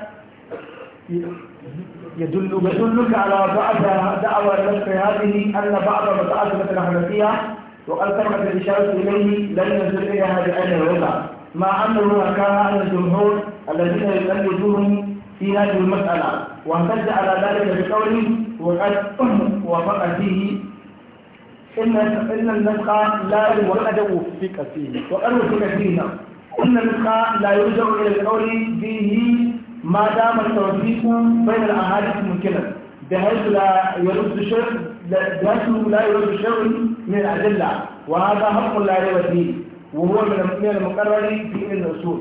يدل يدلك على بعض دعوى نسخ هذه أن بعض متعلمة الحنفية وقد تركت الإشارة إليه لن ينزل إلى هذا العلم الوضع مع أنه ما كان على الجمهور الذين يلتفتون في هذه المسألة وأمتد على ذلك بقوله وقد *clears throat* وفق فيه إن إن النسخ لا يوجد وفق فيه وقد وفق فيه إن النسخ لا يرجع إلى القول به ما دام التوفيق بين الأحاديث ممكنا بحيث لا يرد شر بحيث لا يرد شر من الأدلة وهذا حق لا يرد فيه وهو من المقرر في الأصول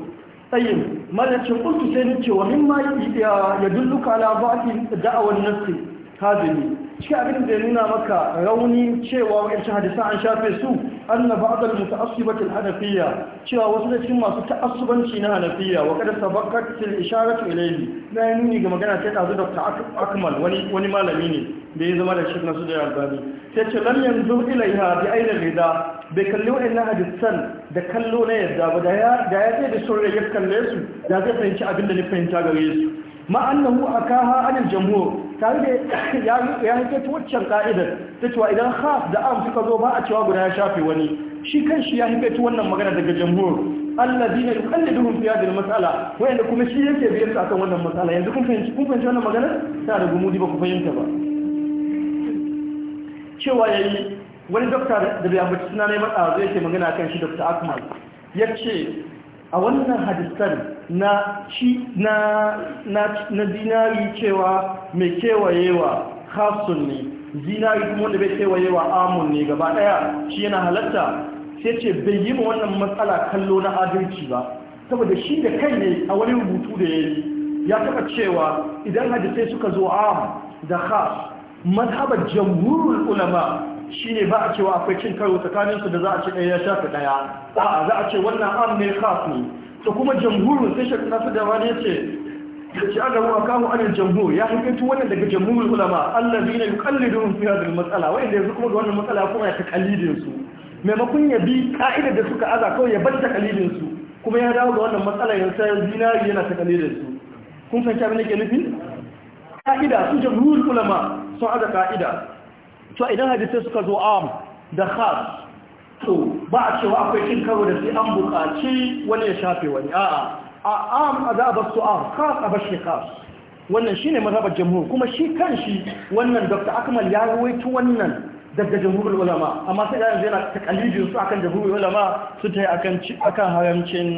qayyim malacin kuntu sai nace wa mimma ya dulluka ala ba'ti da'awan nafsi hadini shi abin da ya nuna maka rauni cewa wa'ancin hadisa an shafe su anna ba'dal muta'assibati al-hanafiyya cewa wasu da cikin masu ta'assubanci na hanafiyya wa kada sabaqat al-isharatu ilayhi na nuni ga magana ta tazu Dr. Akmal wani malami ne da ya zama da shi nasu da albani sai ce lam yanzu ilaiha bi aina rida bai kalli na hadisan da kallo na yadda ba da ya zai da sun ya kalle su da zai fahimci abin da ni fahimta gare su ma annahu akaha anil jamhur tare da ya ya ta waccan ka'idar ta cewa idan khas da am suka zo ba a cewa guda ya shafe wani shi kanshi ya hake wannan magana daga jamhur alladina yuqalliduhum fi hadhihi almas'ala wanda kuma shi yake biyar su akan wannan mas'ala yanzu kun fahimci kun fahimci wannan magana ta da gumudi ba ku fahimta ba cewa yayi wani dokta da bai ambaci suna ne matsa zai ke magana kan shi dokta akmal ya ce a wannan hadisan na zinari cewa mai kewayewa hafsun ne zinari kuma wanda bai kewayewa amun ne gaba daya shi yana halatta sai ce bai yi ma wannan matsala kallo na adalci ba saboda shi da kai ne a wani rubutu da ya yi ya taɓa cewa idan hadisai suka zo am da khas mazhabar jamhurul ulama Shi ne ba a cewa akwai cin karo tsakanin su da za a ce ɗaya ya shafi ɗaya a za a ce wannan am ne khas ne to kuma jamhurin sai shakka nasu da wani da ci an a kawo anin jamhur ya hukunci wannan daga jamhurul ulama yi yuqallidun fi hadhihi al matsala. wa inda yanzu kuma ga wannan matsala kuma ya taqalidin su maimakon ya bi ka'idar da suka aza kawai ya bar taqalidin su kuma ya dawo ga wannan matsala yanzu sai zinari yana taqalidin su kun san abin da ke nufi ka'ida su jamhurul ulama sun aza ka'ida cewa idan hadisai suka zo am da khas to ba a cewa akwai cin karo da sai an buƙaci wani ya shafe wani a'a a am a za a bar su am khas a bar shi khas wannan shine mazhabar jamhur kuma shi kan shi wannan dr akmal ya rawaito wannan daga jamhurul ulama amma sai da yanzu yana takalidin su akan jamhurul ulama su ta yi akan haramcin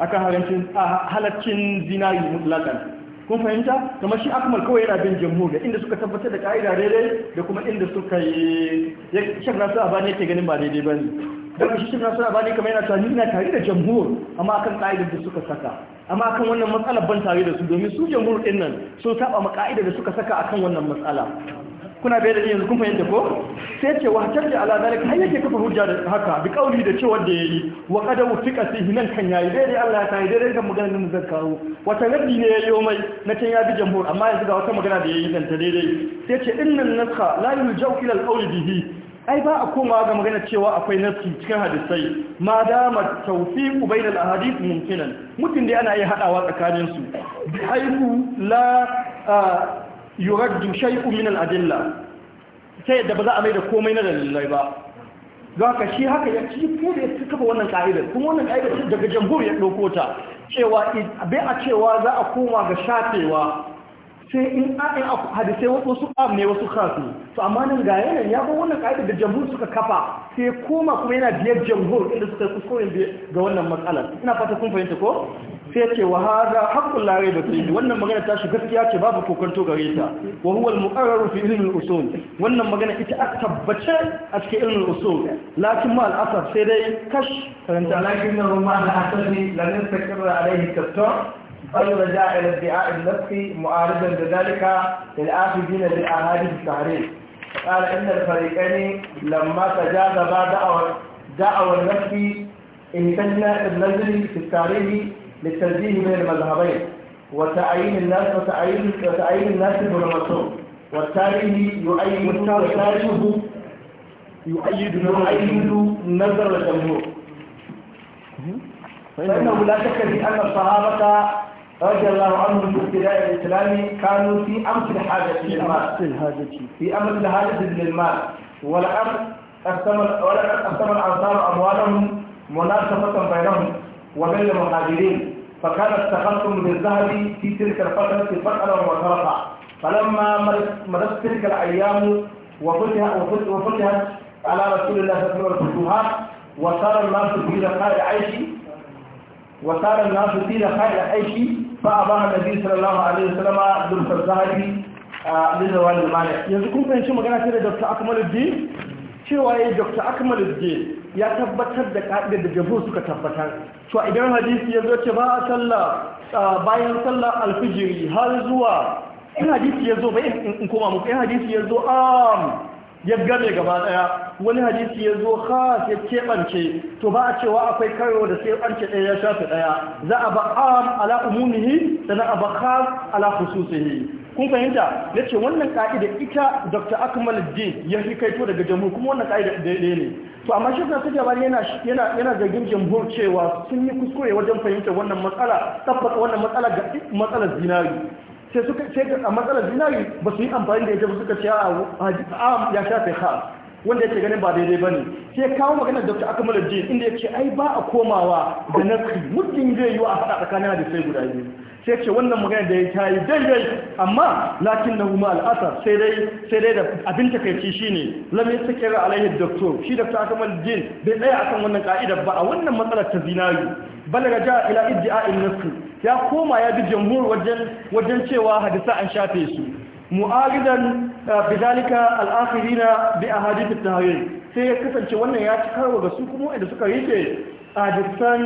akan haramcin halaccin zinayi mutlakan kun fahimta kamar shi akmal kawai yana bin jamhur da inda suka tabbatar da ka'ida daidai da kuma inda suka yi shek nasu abani yake ganin ba daidai ba ne daga shi shek nasu abani kamar yana tani yana tare da jamhur amma akan ka'ida da suka saka amma akan wannan matsalar ban tare da su domin su jamhur din nan sun saba ma ka'idar da suka saka akan wannan matsala kuna bai da yanzu kun fahimta ko sai ce wa tarja ala zalika har yake kafa hujja da haka bi kauli da cewa da yayi wa qad wufiqa fihi kan yayi dai dai Allah ta yi dai kan magana nan zan kawo wata rabbi ne ya yi mai na can ya bi jamhur amma yanzu ga wata magana da yayi zan ta daidai sai ce nan nasha la yuljau ila alqawl bihi ai ba a komawa ga magana cewa akwai nafsi cikin hadisai ma dama tawfiqu bainal ahadith mumkinan mutum dai ana iya haɗawa tsakanin su bi la yuraddu shay'un min al-adilla sai da ba za a mai da komai na dalilai ba za ka shi haka ya ci ko da ya kafa wannan ka'idar kuma wannan ka'idar daga jamhuriyar ya ɗauko ta cewa bai a cewa za a koma ga shafewa sai in a'in hadisai wasu am ne wasu khas ne to amma nan ga yanayin ya ga wannan ƙa'idar da jamhur suka kafa sai koma kuma yana biyar jamhur inda suka kuskure ga wannan matsalar ina fata kun fahimta ko sai ce wa hada haƙƙun lare da fihi wannan magana ta shiga gaskiya ce babu kokanto gare ta wa huwa al-muqarrar fi ilmi al-usul wannan magana ita aka tabbace a cikin ilmi al-usul lakin ma al sai dai kash karanta lakin ma al-asaf ne lanin nastakira alaihi tafsir غير جاء إلى ادعاء النفس معارضا لذلك للآخذين بالأهالي التحريم قال إن الفريقين لما تجاذبا دعوى دعوى النفس اهتدنا بالنزل في التاريخ للتنزيه بين المذهبين وتعيين الناس وتعيين وتعيين الناس بالمرسوم والتاريخ يؤيد والتاريخ يؤيد يؤيد نظر الجمهور فإنه لا شك في أن الصحابة رضي الله عنهم في ابتداء الإسلام كانوا في أمس الحاجة للمال في أمس الحاجة للمال ولقد أقسم الأنصار أموالهم مناسبة بينهم وبين المهاجرين فكان التقسم بالذهب في تلك الفترة فقرا وشرفا فلما مرت تلك الأيام وفتح وفتحت على رسول الله صلى الله عليه وسلم الفتوحات وصار الناس في رخاء عيشي وصار الناس في رخاء عيشي فأبا النبي صلى الله عليه وسلم دمت الزهري لزوال المانع يذكر من شو مقالة كده دكتور أكمل الدين cewa ya eh, dr akmaluddin ya tabbatar da ka'idar da jabo suka tabbatar cewa idan hadisi ya zo ce ba a sallah bayan sallah alfijiri har zuwa in hadisi ya zo ba in koma muku in hadisi ya zo am ya game gaba daya wani hadisi ya zo khas ya keɓance to ba a cewa akwai karo da sai ɓance ɗaya ya shafi ɗaya za a ba am ala umumihi sannan a ba khas ala khususihi kun fahimta ya ce wannan ka'ida ita dr akmal din ya hikaito daga jamhur kuma wannan ka'ida daidai ne to amma shi kan suke bari yana yana zargin jamhur cewa sun yi kuskure wajen fahimtar wannan matsala tabbata wannan matsala ga matsalar zinari sai suka ce a matsalar zinari ba su yi amfani da ya jabu suka ce a ya shafe ha wanda yake ganin ba daidai ba ne sai kawo maganar dr akamalar jini inda ya ce ai ba a komawa da nasi muddin zai yi wa a faɗa tsakanin da sai guda biyu sai ce wannan magana da ya ta yi daidai amma lakin na huma al'asar sai dai sai dai da abin takaici shine ta yastakira alaihi doktor shi doktor akamal din bai tsaya akan wannan ka'idar ba a wannan matsalar ta zinari balaga ja ila iddi'a'in nasu ya koma ya bi jamhur wajen wajen cewa hadisa an shafe su mu'aridan eh, bidalika al-akhirina bi ahadith at-tahrir sai ya kasance wannan ya ci karwa ga su kuma wanda suka rike hadisan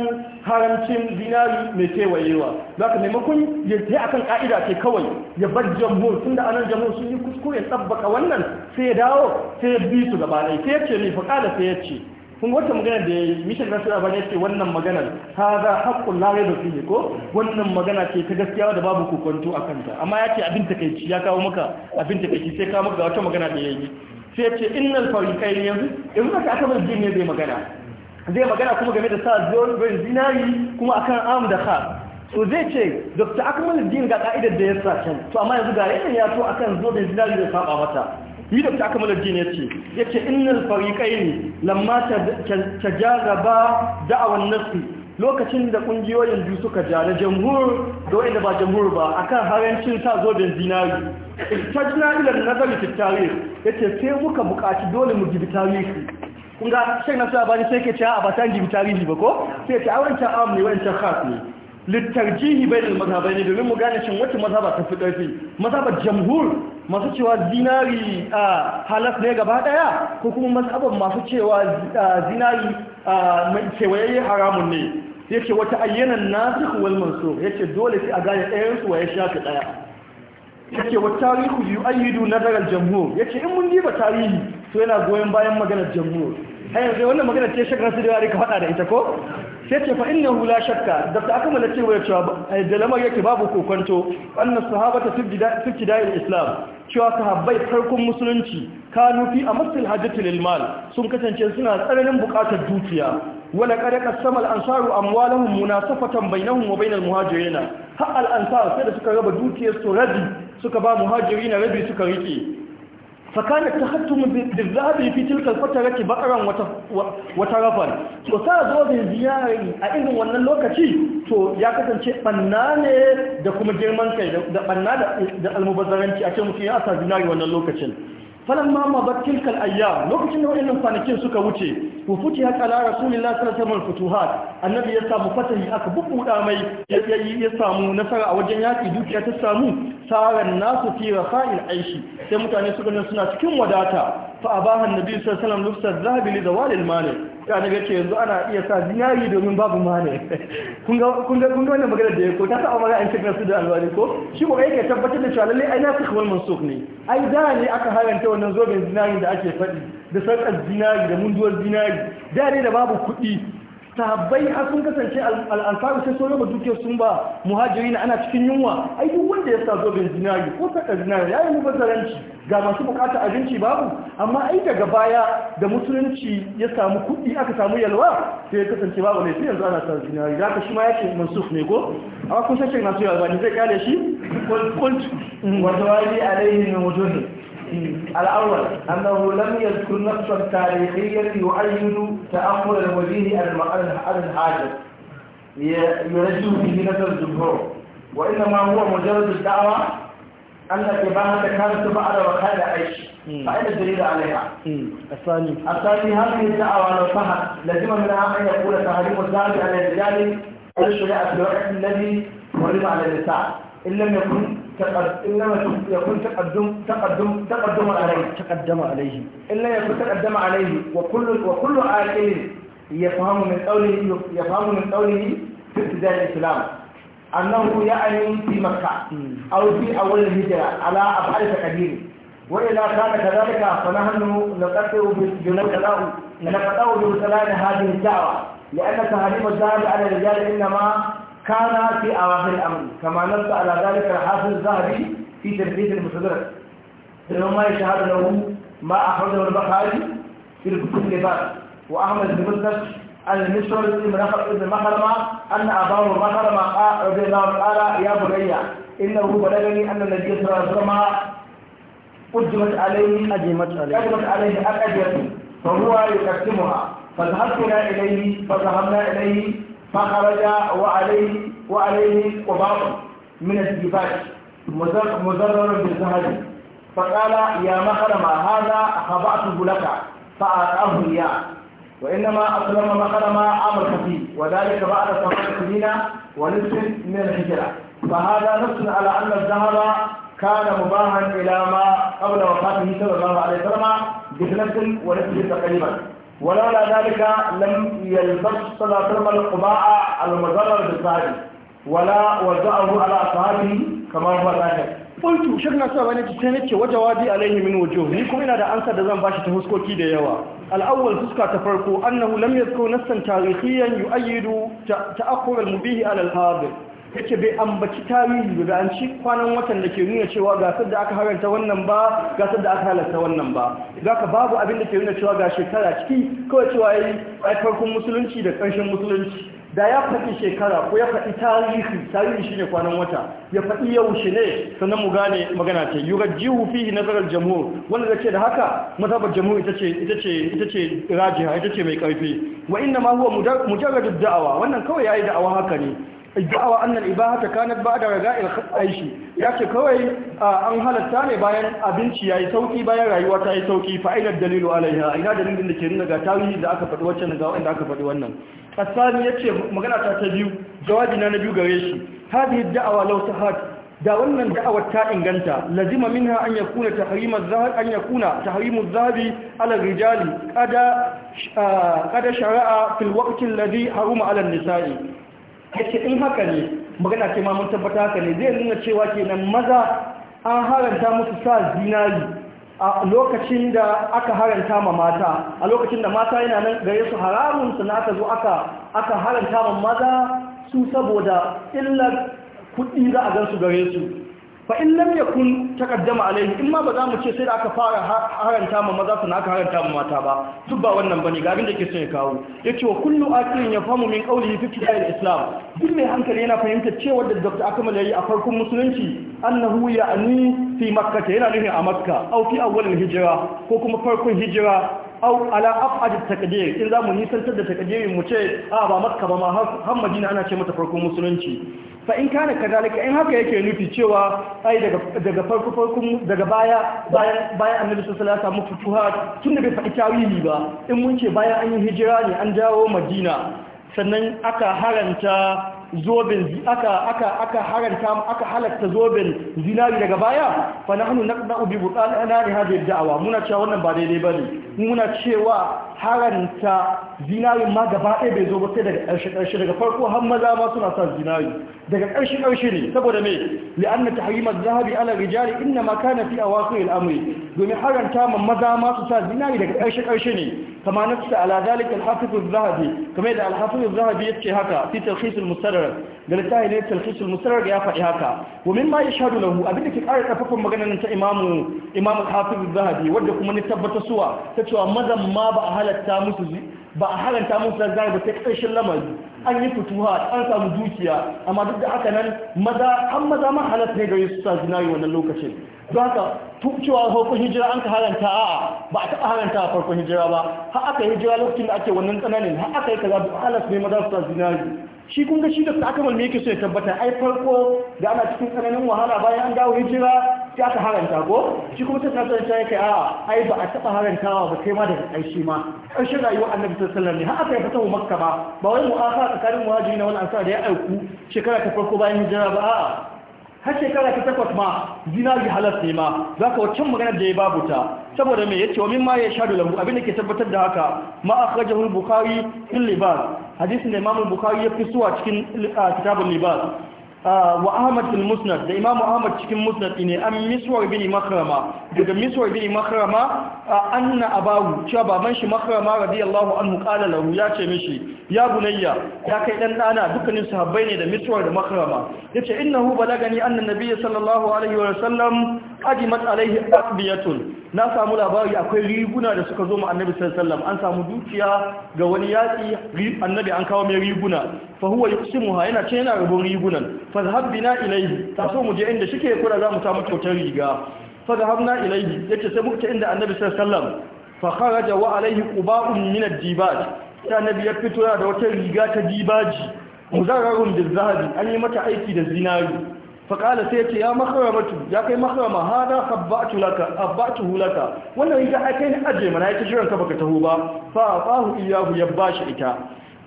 haramcin zinari mai kewayewa za ka maimakon ya a akan ka'ida ce kawai ya bar jamhur tun da anan jamhur sun yi kuskure tsabbaka wannan sai ya dawo sai ya bi su gaba ɗai sai ya ce mai faƙada sai ya ce kun wata magana da ya yi mishan rasu da ya ce wannan maganar ta za haƙƙun lare da fiye ko wannan magana ce ta gaskiya da babu kokonto a kanta amma ya ce abin takaici ya kawo maka abin takaici sai kawo maka wata magana da ya yi sai ya ce innal ne, yanzu yanzu aka aka bar jini zai magana zai magana kuma game da sa zorin zinari kuma akan am da ha so zai ce dr akmal din ga ka'idar da ya sa can to amma yanzu ga yayin ya to akan zorin zinari da saba mata ni dr akmal din ya ce ya ce kai ne lamma ta tajaraba da'awan nasi lokacin da kungiyoyin biyu suka ja na jamhur da ba jamhur ba akan harancin sa zoben zinari jina ilar nazari fi ya yace sai muka bukaci dole mu gibi tarihi Kunga sai shek na ne sai ke cewa ba ta gibi tarihi ba ko sai ta a wancan am ne wancan khas ne litarjihi bai da mazhabai ne domin mu gane shin wata mazhaba ta fi ƙarfi mazhaba jamhur masu cewa zinari a halas ne gaba ɗaya ko kuma mazhabar masu cewa zinari a kewayayye haramun ne ya ce wata ayyanan nasu wal mansur ya ce dole sai a gane ɗayansu wa ya shafi ɗaya ya ce wa tarihi yu ayyidu nazarar jamhur ya ce in mun diba tarihi to yana goyon bayan maganar jamhur hayar sai wannan magana ce shakar su da yare ka faɗa da ita ko sai ce fa innahu hula shakka da ta aka mana cewa eh, da lamar yake babu kokonto anna sahabata fi da'il islam cewa sahabbai farkon musulunci kanufi a amasil hajjati lil sun kasance suna tsananin bukatar dukiya wala qad qasama al ansaru amwalahum munasafatan bainahum wa bainal muhajirin ha al ansar sai da suka raba dukiyar su rabi suka ba muhajirin rabi suka rike fakana ta hattu bizzabi fi tilkal fatarati baqaran wata wata rafan to sa zo da ziyari a irin wannan lokaci to ya kasance banna ne da kuma girman kai da banna da almubazzaranci a ce mutum ya sa zinari wannan lokacin falan ma mabattil kal ayyam lokacin da wayannan kwanakin suka wuce ku ya kala rasulullahi sallallahu alaihi wasallam futuhat annabi ya samu fatahi aka bubbuda mai ya samu nasara a wajen yaki dukiya ta samu saran nasu fi rakha'il aishi sai mutane suka nan suna cikin wadata fa abaha biyu sallallahu alaihi wasallam lufsa dhahabi da zawali mani ya naga ce yanzu ana iya sa zinari domin babu mani *laughs* kun ga kun magana da ko ta sa magana an cikin su da alwari ko shi ko yake tabbatar da cewa lalle ai su kamar mansukh ne ai da ne aka haranta wannan zoben zinari da ake faɗi da sarƙar zinari da munduwar zinari da ne da babu kuɗi sahabbai har sun kasance al'ansaru sai sun raba dukiyar sun ba muhajiri na ana cikin yunwa ai duk wanda ya sa zobin zinari ko saka zinari ya yi bazaranci ga masu bukatar abinci babu amma ai daga baya da musulunci ya samu kuɗi aka samu yalwa sai ya kasance babu ne sai yanzu ana sa zinari za ka shi ma ya ce mansuf ne ko amma kun sashen masu yalwa ni zai kare shi wata wani alaihi ne الأول أنه لم يذكر نصا تاريخيا يؤيد تأخر الوجيه عن الحاجة يرجو به نفس الجمهور وإنما هو مجرد الدعوة أن الإباحة كانت بعد وقال عيش فأين الدليل عليها؟ الثاني الثاني هذه الدعوة لو صحت لزم منها أن يقول تحريم الزاد على الرجال الشريعة الذي حرم على النساء إن لم يكن إنما يكون تقدم تقدم تقدم عليه تقدم عليه إلا يكون تقدم عليه وكل وكل عاقل يفهم من قوله يفهم من قوله في ابتداء الإسلام أنه يعني في مكة أو في أول الهجرة على أفعال تقديره وإذا كان كذلك فنحن نقطع له نقدر بوصلان هذه الدعوة لأن تهريب الذهب على الرجال إنما كان في أواخر الأمر كما نص على ذلك الحافظ الذهبي في تلخيص المستدرك ما يشهد له ما أخرجه البخاري في الكتب الكبار وأحمد بن مسلم عن المسور بن مخرمة أن أباه مخرمة قال رضي الله تعالى يا بني إنه بلغني أن النبي صلى الله عليه وسلم قدمت عليه أجمت عليه أجمت عليه فهو يقسمها فذهبنا إليه فذهبنا إليه فخرج وعليه وعليه قباط من الزفاف مزرر بالذهب فقال يا مخرم هذا خبأته لك فأعطاه إياه وإنما أسلم مخرم أمر الخفي وذلك بعد سبع سنين ونصف من الهجرة فهذا نص على أن الذهب كان مباها إلى ما قبل وفاته صلى الله عليه وسلم بثلاث ونصف تقريبا ولولا ذلك لم يلبس صلى الله عليه وسلم القباء المزرر بالصحابي ولا وزعه على أصحابه كما هو ذلك قلت شكنا سوى أن تتنك وجوابي عليه من وجوه نيكم إنا دا أنسى دزان باشي تهسكو كي دي يوا الأول فسكا تفرقو أنه لم يذكر نسا تاريخيا يؤيد تأخر المبيه على الحاضر yake bai ambaci tarihi guda an ci kwanan watan da ke nuna cewa gasar da aka haranta wannan ba gasar da aka halarta wannan ba zaka babu abin da ke nuna cewa ga shekara ciki kawai cewa yayi farkon musulunci da ƙarshen musulunci da ya faɗi shekara ko ya faɗi tarihi tarihi shine kwanan wata ya faɗi yaushe ne sannan mu gane magana ce yurajjihu fihi nazarar jamhur wanda zai ce da haka mazhabar jamhur ita ce ita ce ita ce rajiha ita ce mai karfi wa inna ma huwa mujarrad da'awa wannan kawai yayi da'awa haka ne da'awa annal ibahata kanat ba'da raga'il aishi yace kawai an halatta ne bayan abinci yayi sauki bayan rayuwa ta yi sauki fa aina dalilu alaiha ina dalilin da ke nuna ga tarihi da aka faɗi wacce ga wanda aka faɗi wannan kasani yace magana ta ta biyu jawabi na na biyu gare shi hadhihi da'awa law sahat da wannan da'awar ta inganta lazima minha an yakuna tahrim zahab an yakuna tahrim zahabi ala rijali kada kada shara'a fil waqti alladhi haruma ala nisai yace in haka ne magana ce ma mun tabbata haka ne zai nuna cewa kenan maza an haranta musu sa zinari a lokacin da aka haranta ma mata a lokacin da mata yana nan gare su haramun su na aka zo aka aka haranta ma maza su saboda illar kuɗi za a gan gare su fa in lam yakun taqaddama alaihi in ma ba za mu ce sai da aka fara haranta ma maza na aka haranta ma mata ba duk ba wannan bane ga abin da ke son ya kawo yace wa kullu ya famu min qawlihi fi kitab islam duk mai hankali yana fahimtar cewa da Dr. Akmal yayi a farkon musulunci annahu ya'ni fi makkah yana nufin a makka au fi awwalin hijira, ko kuma farkon hijira, au ala af'ad takdir in za zamu nisantar da takdirin mu ce a ba makka ba ma har madina ana ce mata farkon musulunci fa in kana kadalika in haka yake nufi cewa ai daga farko farkon daga baya bayan bayan annabi sallallahu alaihi wasallam futuha tunda bai faɗi tawili ba in mun ce bayan an yi hijira ne an dawo madina sannan aka haranta zobin aka aka aka haranta aka halatta zobin zinari daga baya fa nahnu naqda'u bi butalani hadhihi da'wa muna cewa wannan ba daidai bane muna cewa haranta zinari ma gaba ɗaya bai zo ba sai daga ƙarshe ƙarshe daga farko har maza ma suna sa zinari daga ƙarshe ƙarshe ne saboda me li'anna tahrim az-zahabi ala rijali inna ma kana fi awaqi amri domin haranta ma maza ma su sa zinari daga ƙarshe ƙarshe ne kama nasta ala zalika al-hafiz az-zahabi kamar da al-hafiz yace haka fi talkhis al-mustadrak mustarar da littafi ne talqisul mustarar ya faɗi haka wa min ma yashhadu lahu abinda ke ƙara karfafan maganar ta imamu imamu hafiz zahabi Wadda kuma ni tabbata suwa ta cewa mazan ma ba a halatta musu ba a halanta musu zazzara ba ta ƙarshen lamari an yi fituha an samu dukiya amma duk da haka nan maza an maza ma halatta ne gare su sa zinari wannan lokacin don haka cewa farkon hijira an ka halanta a'a ba a taɓa haranta a farkon hijira ba har aka yi hijira lokacin da ake wannan tsananin har aka yi kaza halas ne maza su sa zinari shi kun ga shi da sakamal me yake so ya tabbata ai farko da ana cikin tsananin wahala bayan an dawo hijira sai aka haranta ko shi kuma sai ta sai kai ai ba a taba harantawa ba kai ma daga ƙarshe ma ƙarshen rayuwar annabi sallallahu alaihi wasallam ne har aka yi fatahu makka ba ba wai mu'afa tsakanin muhajiri na wani ansar da ya aiku shekara ta farko bayan hijira ba a'a har shekara ta takwas ma zinari halas ne ma za ka wacce maganar da ya babu ta saboda mai yace wa min ma ya sha lahu abin da ke tabbatar da haka ma akhrajahu al-bukhari in libas hadisin da imam bukhari ya fi suwa cikin kitabul libas wa Ahmad bin Musnad da Imam Ahmad cikin Musnad ne an Miswar bin Makrama daga Miswar bin Makrama anna abahu cewa baban shi Makrama radiyallahu anhu qala lahu ya ce mishi ya bunayya ya kai dan dana dukkanin sahabbai ne da Miswar da Makrama yace innahu balagani anna nabiyyi sallallahu alaihi wa sallam qadimat alaihi asbiyatun na samu labari akwai riguna da suka zo mu annabi sallallahu alaihi wasallam an samu dukiya ga wani yaki annabi an kawo mai riguna fa huwa yuqsimuha yana ce yana rabon rigunan fa zahab bina ilaihi ta so mu je inda shike kura za mu samu kotar riga fa zahabna ilaihi yace sai muka inda annabi sallallahu alaihi wasallam fa kharaja wa alaihi quba'un min ad-dibaj ta nabi ya fito da wata riga ta dibaji muzarrarun bil zahabi an yi mata aiki da zinari faƙala sai ce ya makaramatu ya kai makarama hada habbatu laka habbatu hulaka wannan ita kai ni ajiye mana ya ta jiran ka baka taho ba fa fahu iyahu ya bashi ita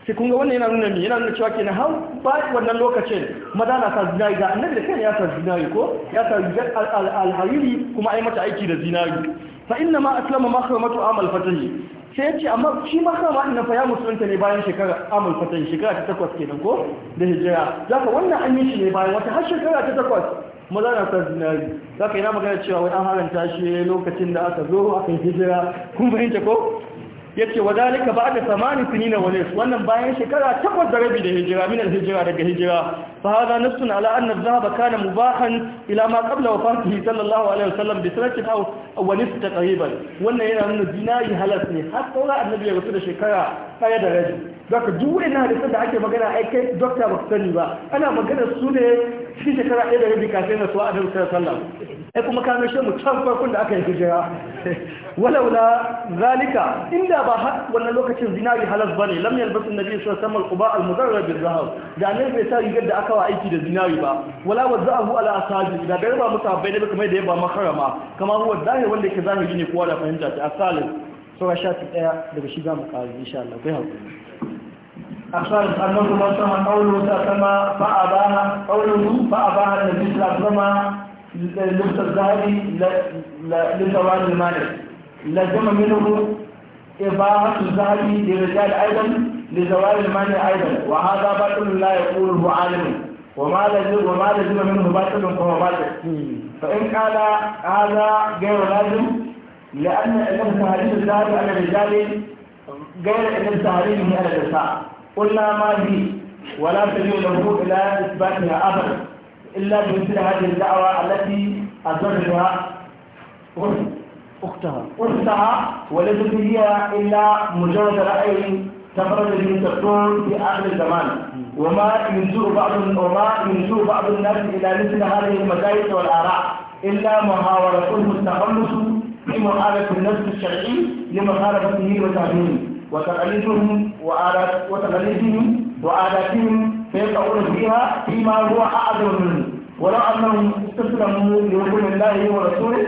sai kun ga wannan yana nuna mi yana nuna cewa kenan har ba wannan lokacin maza na sa zinari ga annabi da kan ya sa zinari ko ya sa alhariri kuma ai mata aiki da zinari fa inna ma aslama makramatu amal fatahi sai yace amma shi makrama ina fa ya musulunta ne bayan shekara amal fatahi shekara ta takwas kenan ko da hijira zaka wannan an yi shi ne bayan wata har shekara ta takwas maza na sa zinari zaka yana magana cewa wai an haranta shi lokacin da aka zo aka hijira kun fahimta ko yace wadalika ba'da samani sinina na wani. wannan bayan shekara takwas da rabi da hijira Minar hijira daga hijira fa hada nassun ala anna adh-dhahab kana mubahan ila ma qabla wafatihi sallallahu alaihi wasallam bi sanatin aw wa taqriban wannan yana nuna dinari halas ne har saura annabi ya rasu da shekara daya da rabi daga duk wannan hadisan da ake magana ai kai doctor ba sani ba ana magana su ne shekara ɗaya da rabi kafin rasuwa a sallallahu alaihi wasallam ai kuma ka mai mu can farkon da aka yi hijira walaula zalika inda ba wannan lokacin zinari halas bane lam yalbasu nabi sallallahu alaihi wasallam al-quba almuzarar bin zahar. da annabi bai sa rigar da aka wa aiki da zinari ba wala wazahu ala Asali, da bai ba bai ne kamar da ya ba makarama kama huwa zahiri wanda yake zahiri ne kowa da fahimta ta asalin sura shafi ɗaya, daga shiga mu kawo insha Allah kai hakuri أخشى أنه ما سمع قوله تأثم فأباها قوله فأباها النبي صلى الله عليه وسلم لبس الذهبي المالك لزم منه إباعة الذهب للرجال أيضا لزوال المال أيضا وهذا باطل لا يقوله عالم وما لزم وما لزم منه باطل فهو باطل فإن قال هذا غير لازم لأن إنه تهريج على الرجال غير إن تهريجه على النساء قلنا ما هي ولا تجوز له إلى إثباتها أبدا إلا بمثل هذه الدعوة التي أزرها أختها أختها وليست هي إلا مجرد رأي تفرد به تكون في آخر الزمان وما ينزور بعض وما ينزور بعض الناس إلى مثل هذه المجالس والآراء إلا محاولة التخلص في محاربة النفس الشرعي لمخالفته وتعليمه وتقليدهم وآلاتهم وآلاتهم فيقعون فيها فيما هو أعظم منه ولو أنهم استسلموا لحكم الله ورسوله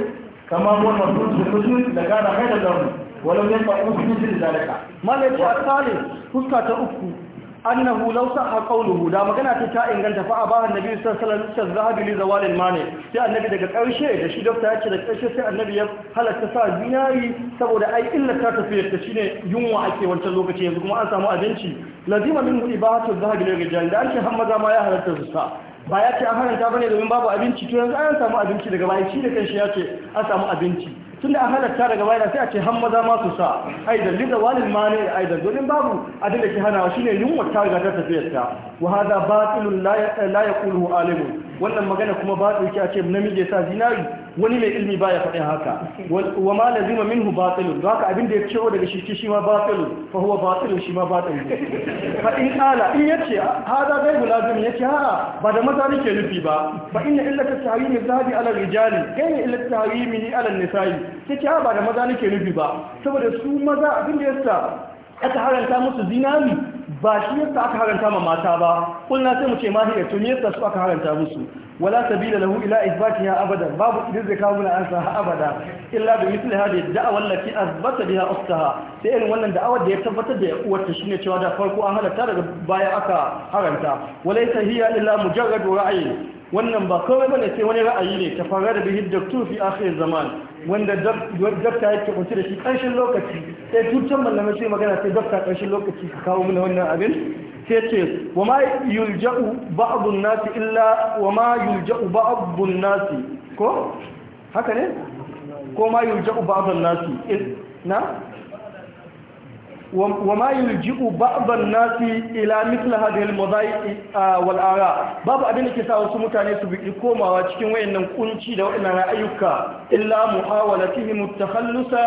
كما هو المفروض في الرسل لكان خيرا لهم ولم يقعوا في مثل ذلك ما الذي الثالث فسكة أخرى annahu law sahha qawluhu da magana ta ta inganta fa ba annabi sallallahu alaihi wasallam zahabi li zawalil mani sai annabi daga karshe da shi dokta yace da karshe sai annabi ya halatta sa zinari saboda ai illa ta tafiyar ta shine yunwa ake wancan lokaci yanzu kuma an samu abinci lazima min ba zahabi li rijal da ake hammaza ma ya halatta su sa ba ya ce an haranta bane domin babu abinci to yanzu an samu abinci daga baya shi da kanshi ya ce an samu abinci tun da an halatta daga bayan sai a ce han maza ma su sa aidan lida walil mani da aidan babu abin da ke hanawa shine yunwa ta riga ta tafiyar ta wa hada batilun la yaqulu alimun wannan magana kuma ba ta yake a ce namiji ya sa zinari wani mai ilmi ba ya faɗin haka wa ma lazima minhu batilun ka abin da ya cewa daga shi shi ma batilun fa huwa batilun shi ma batilun fa in qala in yace hada gaibu lazim yace ha ba da maza nake nufi ba fa inna illata tahrimi zahabi ala rijali kai illata tahrimi ala nisa'i yace ha ba da maza nake nufi ba saboda su maza abin da yasa aka haranta musu zinari ba shi yasa aka haranta ma mata ba kullum sai mu ce ma hiya tun yasa su aka haranta musu wala sabila lahu ila ithbatiha abada babu idan zai kawo mana ansa ha abada illa bi misli hadhihi da'wa allati azbata biha ukhtaha sai irin wannan da'awar da ya tabbatar da ya uwarta shine cewa da farko an halatta daga baya aka haranta walaysa hiya illa mujarrad ra'yi wannan ba kawai bane sai wani ra'ayi ne da bihi da tufi akhir zaman wanda dabta yake kunshi da shi ƙarshen lokaci sai tutun malamai sai magana sai dabta ƙarshen lokaci ka kawo mana wannan abin sai ce wa ma yulja'u ba'dun nasi illa wa ma yulja'u ba'dun nasi ko haka ne ko ma yulja'u ba'dun nasi na وما يلجئ بعض الناس الى مثل هذه المضايق والاراء babu abin da ke sa wasu mutane su bi komawa cikin wayannan kunci da wayannan ayyuka illa muhawalatihim at-takhallusa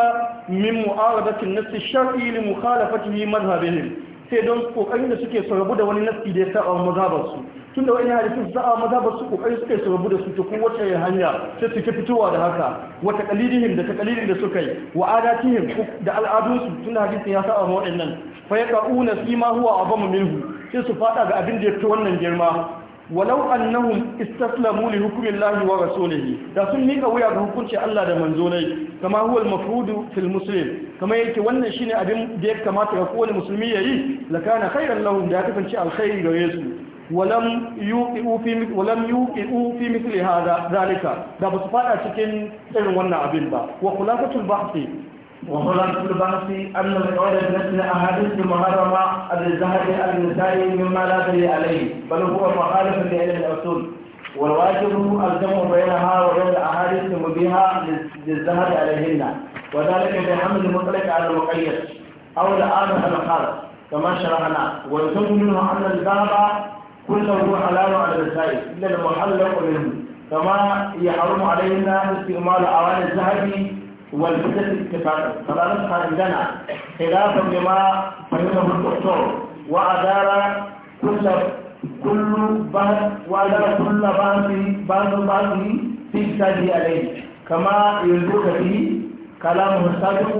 min mu'aradati an-nass ash-shar'i li mukhalafatihi madhhabihim sai don kokarin da suke su rabu da wani nassi da ya saba mazhabarsu tun da wani hadisi za a maza ba su kokari suka su rabu da su ta kowace hanya sai su ke fitowa da haka wata kalilihim da ta kalilin da suka yi wa adatihim da al'adunsu tun da ya sa ma waɗannan fa ya ka'una fi ma huwa abamu minhu sai su fada ga abin da ya fi wannan girma walau annahum istaslamu li hukmillahi wa rasulihi da sun mika wuya ga hukunci Allah da manzo ne kama huwa al-mafrudu fil muslim kama yake wannan shine abin da ya kamata ga kowane musulmi yayi lakana khairan lahum da ya kasance alkhairi gare su ولم يوقعوا في ولم يوقعوا في مثل هذا ذلك ده بس فادا cikin irin وانا abin با وخلاصه البحث وخلاصة البحث أن القول بنفس الأحاديث المحرمة الذهب النسائي مما لا دليل عليه بل هو مخالف لعلم الأصول والواجب الجمع بينها وبين الأحاديث المبيحة للذهب عليهن وذلك بحمل المطلق على المقيد أو الآن على الخالق كما شرحنا ويتم منه أن الذهب كله حلال على الرسائل إلا المحلق منه كما يحرم علينا استعمال أواني الذهب والفتة اتفاقا فلا نصح عندنا خلافا لما فهمه الدكتور وأدار كل كل بعض وأدار كل بعض بعض بعض في كتابه عليه كما يلزوك به كلامه السابق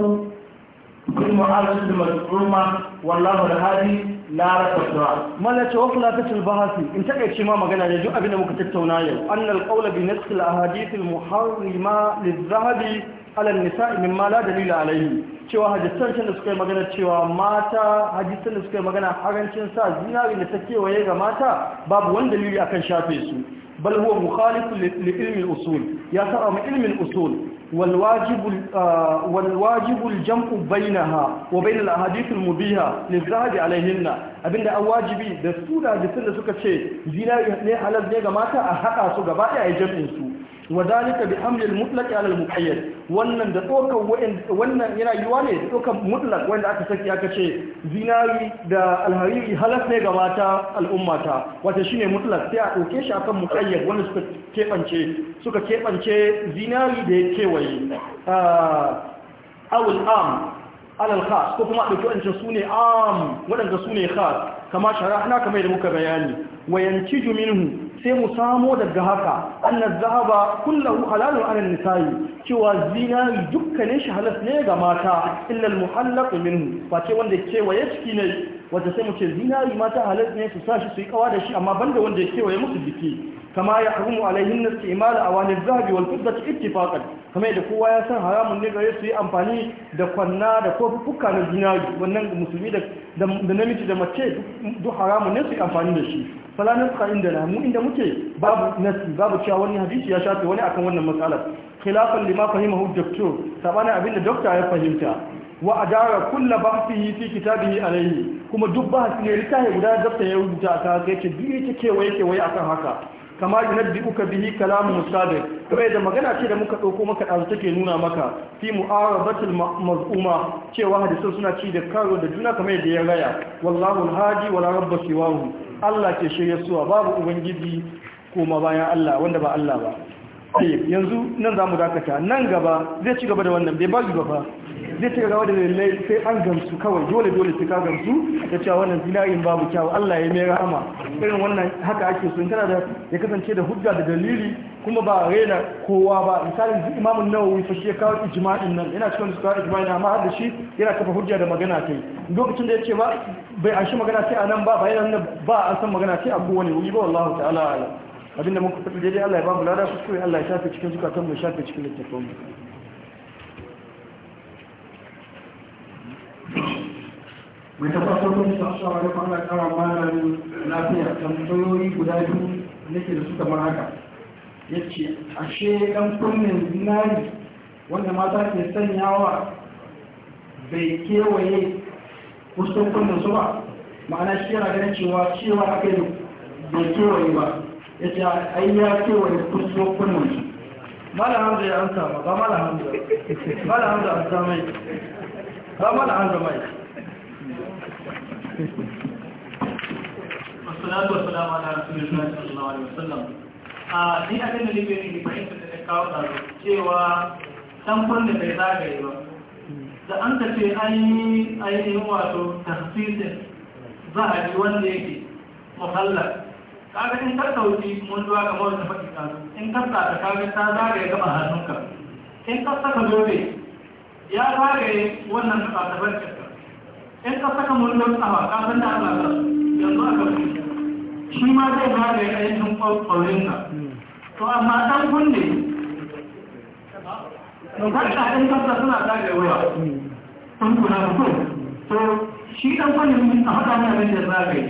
في المعارضة المزعومة والله الهادي mala ce wakila ta tilbahasi in takaice ma magana ne duk da muka tattauna yau annal qawla bi nasil ahadithil muharrima lizahabi ala nisa'i mimma la dalila alayhi cewa hadisan can da suka yi magana cewa mata hadisan da suka magana harancin sa zinari da ta kewaye ga mata babu wani dalili akan shafe su bal huwa mukhalifun li ilmi usul ya saba mu ilmin usul walwajibul jam’u bayina ha wa bayina al’adisul mubiha ne zahabi abinda an wajibi da su da jisun suka ce zinari ne halar ne ga mata a haɗa su gaba ɗaya a yi jam’insu wa zalika bi hamlil mutlaq ala al muqayyad wannan da tsokan wannan yana yiwa ne tsokan mutlaq wanda aka saki aka ce zinari da alhariri halas ne ga mata al'ummata wato shine mutlak? sai a doke shi akan muqayyad wanda suka kebance suka kebance zinari da ya kewaye ah, awul am alal khas ko kuma ɗauki wancan su ne am waɗanda sune ne khas kama shara'na kamar da muka bayani wayanci minhu sai mu samo daga haka annan zahaba kullahu halalun alal nisa'i cewa zinari dukkanin shi halas ne ga mata illal muhallaq minhu face wanda kewaye ciki ne wanda sai mu ce zinari mata halas ne su sa shi su yi kawa da shi amma banda wanda ya kewaye musu biki. kama ya harumu alaihin na istimal a wani zahabi wal fidda ta ittifaqan kama yadda kowa ya san haramun ne gare su yi amfani da kwanna da kofuka na zinari wannan musulmi da namiji da mace duk haramun ne su yi amfani da shi fala naska inda na mu inda muke babu nasi babu cewa wani hadisi ya shafe wani akan wannan matsalar khilafan lima fahimahu doctor sabanin abinda dokta ya fahimta wa adara kulla bahsihi fi kitabihi alayhi kuma duk bahsi ne littafi guda da ya rubuta aka ce duk yake kewaye kewaye akan haka kama uka bihi kalamun musabe kamar da magana ce da muka dauko maka dazu take nuna maka fi mu'arabatil maz'uma cewa hadisan suna ci da karo da juna kamar yadda ya raya wallahu alhadi wala rabba siwahu Allah ke shirye suwa babu ubangiji ma bayan Allah wanda ba Allah ba yanzu nan zamu dakata nan gaba zai ci gaba da wannan bai ba gaba zai ce gawa da lalle sai an gamsu kawai dole dole sai ka gamsu da cewa wannan zinarin babu kyawu Allah ya mai rahama irin wannan haka ake so tana da ya kasance da hujja da dalili kuma ba raina kowa ba misalin zai imamun nawawi fa shi ya kawo ijma'in nan yana cikin suka ijma'in amma har da shi yana kafa hujja da magana kai lokacin da ya ce ba bai an shi magana sai a nan ba bayan nan ba an san magana sai a wani, wuri ba wallahu ta'ala abinda mun kuka daidai Allah ya ba mu lada kuskure Allah ya shafe cikin zukatan mu shafe cikin littafin mu mai tabbatar da su a wani da kara malam lafiya tambayoyi guda biyu nake da su kamar haka ya ce ashe dan kunnen zinari wanda mata ke sanyawa bai kewaye kusan kunnen su ba ma'ana shi yana ganin cewa cewa aka yi bai kewaye ba ya ce ai ya kewaye kusan kunnen su malam hamza ya ansa ba malam hamza malam hamza amsa mai ba mana an zama yi wasu wasu dama na rasulullah sallallahu wasallam a ni abin da da cewa bai ba da an ta ce ainihin wato tasirin za a ji wanda yake muhallar kaga in ka sauki mun zuwa kamar wata faɗi in ka ta kaga ta zagaye gaba hannunka in ka zobe ya zagaye wannan tsadabar cikin in ka saka murnar tsawa ka san da Allah ba yanzu aka fi shi ma zai zagaye aikin kwaurin ka to amma dan kunne mutarta ɗin kasa suna zagaye wuya sun kuna mutu to shi dan kunne mun a haka mai abin da zagaye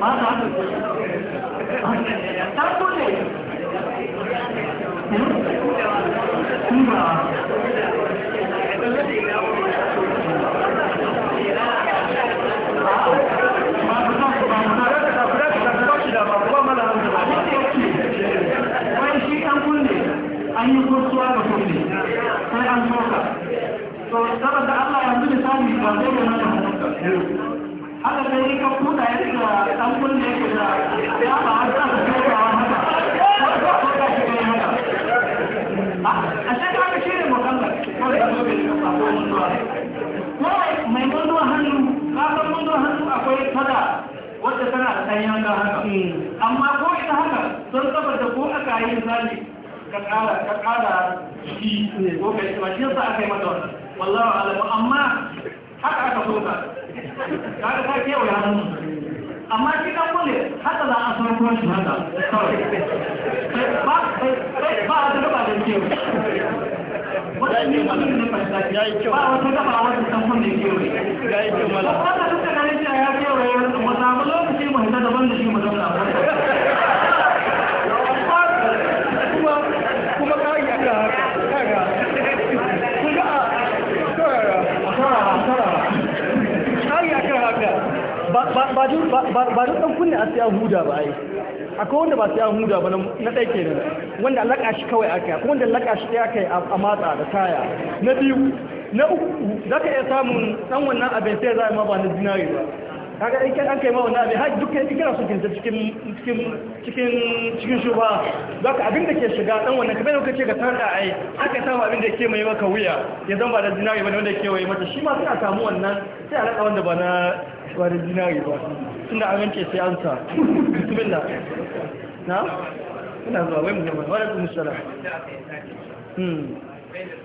ba ta dan kunne an yi kurtuwa da kulle sai an soka to saboda Allah yanzu misali ba zai ga nan haka haka sai kan kuda ya da dan kulle ku da ya ba har da sokawa haka ko ko ka shi ne haka a sai ka ka shirye mukalla ko da zo bai ka ko mutuwa ko mai mutuwa hannu ka san mutuwa hannu akwai fada wadda tana da ɗanyen haka hmm. amma ko ita haka sun saboda ko aka yi misali ka ƙara ka ƙara shi ko ka shi yasa aka yi mata alamu amma haka aka so ka ka ga ta kewaye hannun amma shi dan bane haka za a san kuma shi ba da kewaye ne ba wata wata san kuma da kewaye ya yi kyau mala wata duka ya kewaye wata lokaci daban da shi mu ba duk ɗan kunne a sai an huda ba ai akwai wanda ba sai an huda ba na ɗai ke nan wanda laƙa shi kawai aka yi wanda laƙa shi ɗaya aka yi a matsa da kaya na biyu na uku za ka iya samun ɗan wannan abin sai za a yi ma ba na zinari ba kaga in kai an kai ma wannan abin har duk kai kira su kinta cikin cikin cikin cikin shuba zaka abin da ke shiga dan wannan kamar yadda kace ga sarda ai haka samu abin da ke mai maka wuya ya zan ba da dinari bane wanda ke waye mata shi ma suna samu wannan sai alaka raka wanda ba na ba da dinari ba tunda an rance sai an sa bismillah na ina zuwa wai mu ne wa alaikum assalam hmm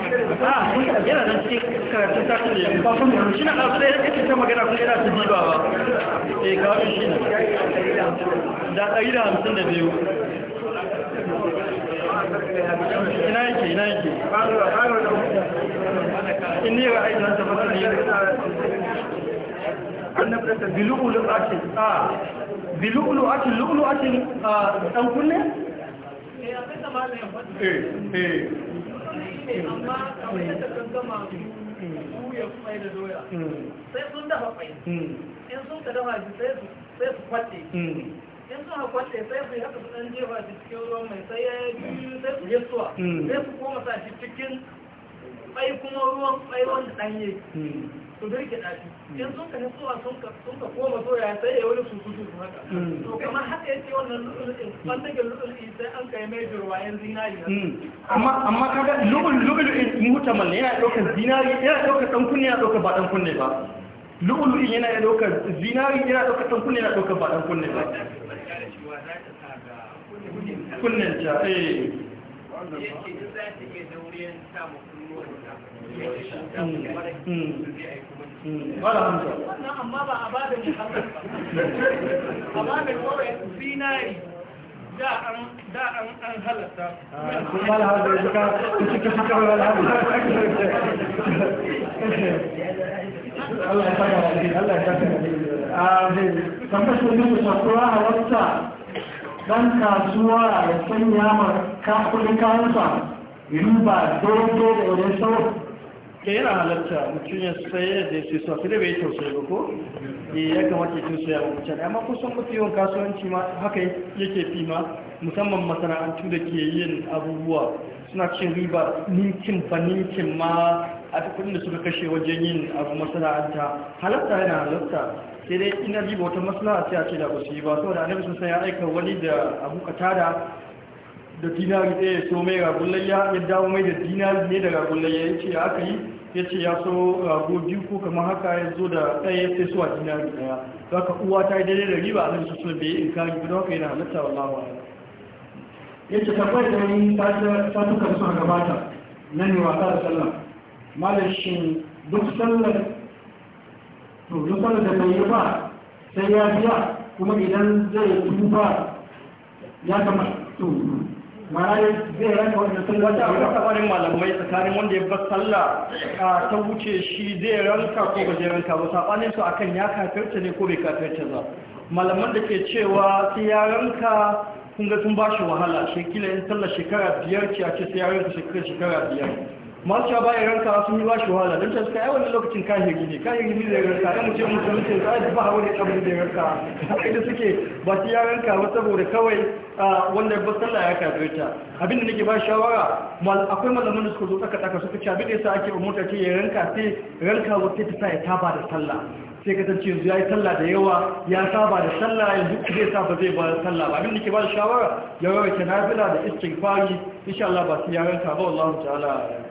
yana nan cikin karatun satin da yamma shi na ƙarfi da ya kake ta magana kuma yana su ji ba ba eh ga wani shi da ɗari da hamsin da biyu ina yake ina yake in ne ra'ayi na tabbatar ne annabi da bilu'ulu akin a bilu'ulu akin lu'ulu akin dan kunne eh eh ne amma kamar yadda kan gama su ya kwai da doya sai sun dafa kwai hmm. in sun ka dafa shi sai su kwace hmm. in sun ha kwace sai su haka su dan jefa shi cikin ruwan mai sai ya yi sai su yesuwa hmm. sai su koma sa shi cikin kwai kuma ruwan kwai wanda yi. su rike dashi in sun ka suwa sun ka sun ka koma soya sai ya wani sukutu su haka hmm. to kamar haka yace wannan ban ɓangaren lulluɗin sai an kai mai jirwayen zinari hmm. amma amma kaga lulluɗin lulluɗin mutamal ne yana ɗaukar zinari yana ɗaukar ɗan kunne yana ɗaukar ba ɗan kunne ba lulluɗin yana ɗaukar zinari yana ɗaukar ɗan kunne yana ɗaukar ba ɗan kunne ba kunnen ta eh yake da za ta iya dauriyar samun kunnuwan ta wannan amma ba a ba da muhammad ba a ba da kawai zinari da an halatta kuma da hada da suka suka suka wa da hada Allah ya saka wani Allah ya saka a zai kamar su ne sakura a wata dan kasuwa ya sanya ma kafin kansa riba dodo da wani sauran ke yana halarta mutum ya tsaye da su su da bai tausayi ba ko eh, ya kamata ya tausaya wa mutum amma kusan mafi yawan kasuwanci ma haka yake fi ma musamman masana'antu da ke yin abubuwa suna cin riba ninkin ba ninkin ma a kudin da suka kashe wajen yin abu masana'anta halarta yana halarta sai dai ina riba wata maslaha sai a ce da ba su yi ba saboda annabi sun ya aika wani da abu katada da dinari ɗaya ya so mai ragulayya ya dawo mai da dinari ne da ragulayya ya ce aka yi ya ce ya so rago biyu ko kamar haka ya zo da ɗaya sai suwa da ɗaya za ka uwa ta yi daidai da riba a nan su sun bai in yi gudu haka yana halatta wa lawa ya ce tabbai da yi ta duka su a gabata na ne wasa da sallah malar shi duk sallar to duk sallar da bai yi ba sai ya biya kuma idan zai tuba ya kamata to wata wata barin malamai tsakanin wanda ya bar sallah ta wuce shi zai ranka ko ba zai ranka ba sabanin su akan ya kafirta ne ko bai kafirta ba malaman da ke cewa sai ya ranka kun ga sun ba shi wahala shekila in sallar shekara biyar ce a ce sai ya ranka shekara biyar masu ya bayan ranka sun yi bashi wahala don ta suka yi wani lokacin kahiri ne kahiri ne zai ranka ya mace musulunci za a ji ba wani abu da ranka haka da suke ba su ya ranka ba saboda kawai wanda ba sallah ya kafe ta abin da nake ba shawara akwai malamin da suka zo tsaka tsaka suka ci abin da sa ake umarta ce ya ranka sai ranka wata ta sa ya taba da sallah sai ka tance yanzu ya yi sallah da yawa ya saba da sallah yanzu zai sa ba zai ba da sallah ba abin da ke ba da shawara ya ke nafila da istighfari insha Allah ba su ya ranka ba wallahu ta'ala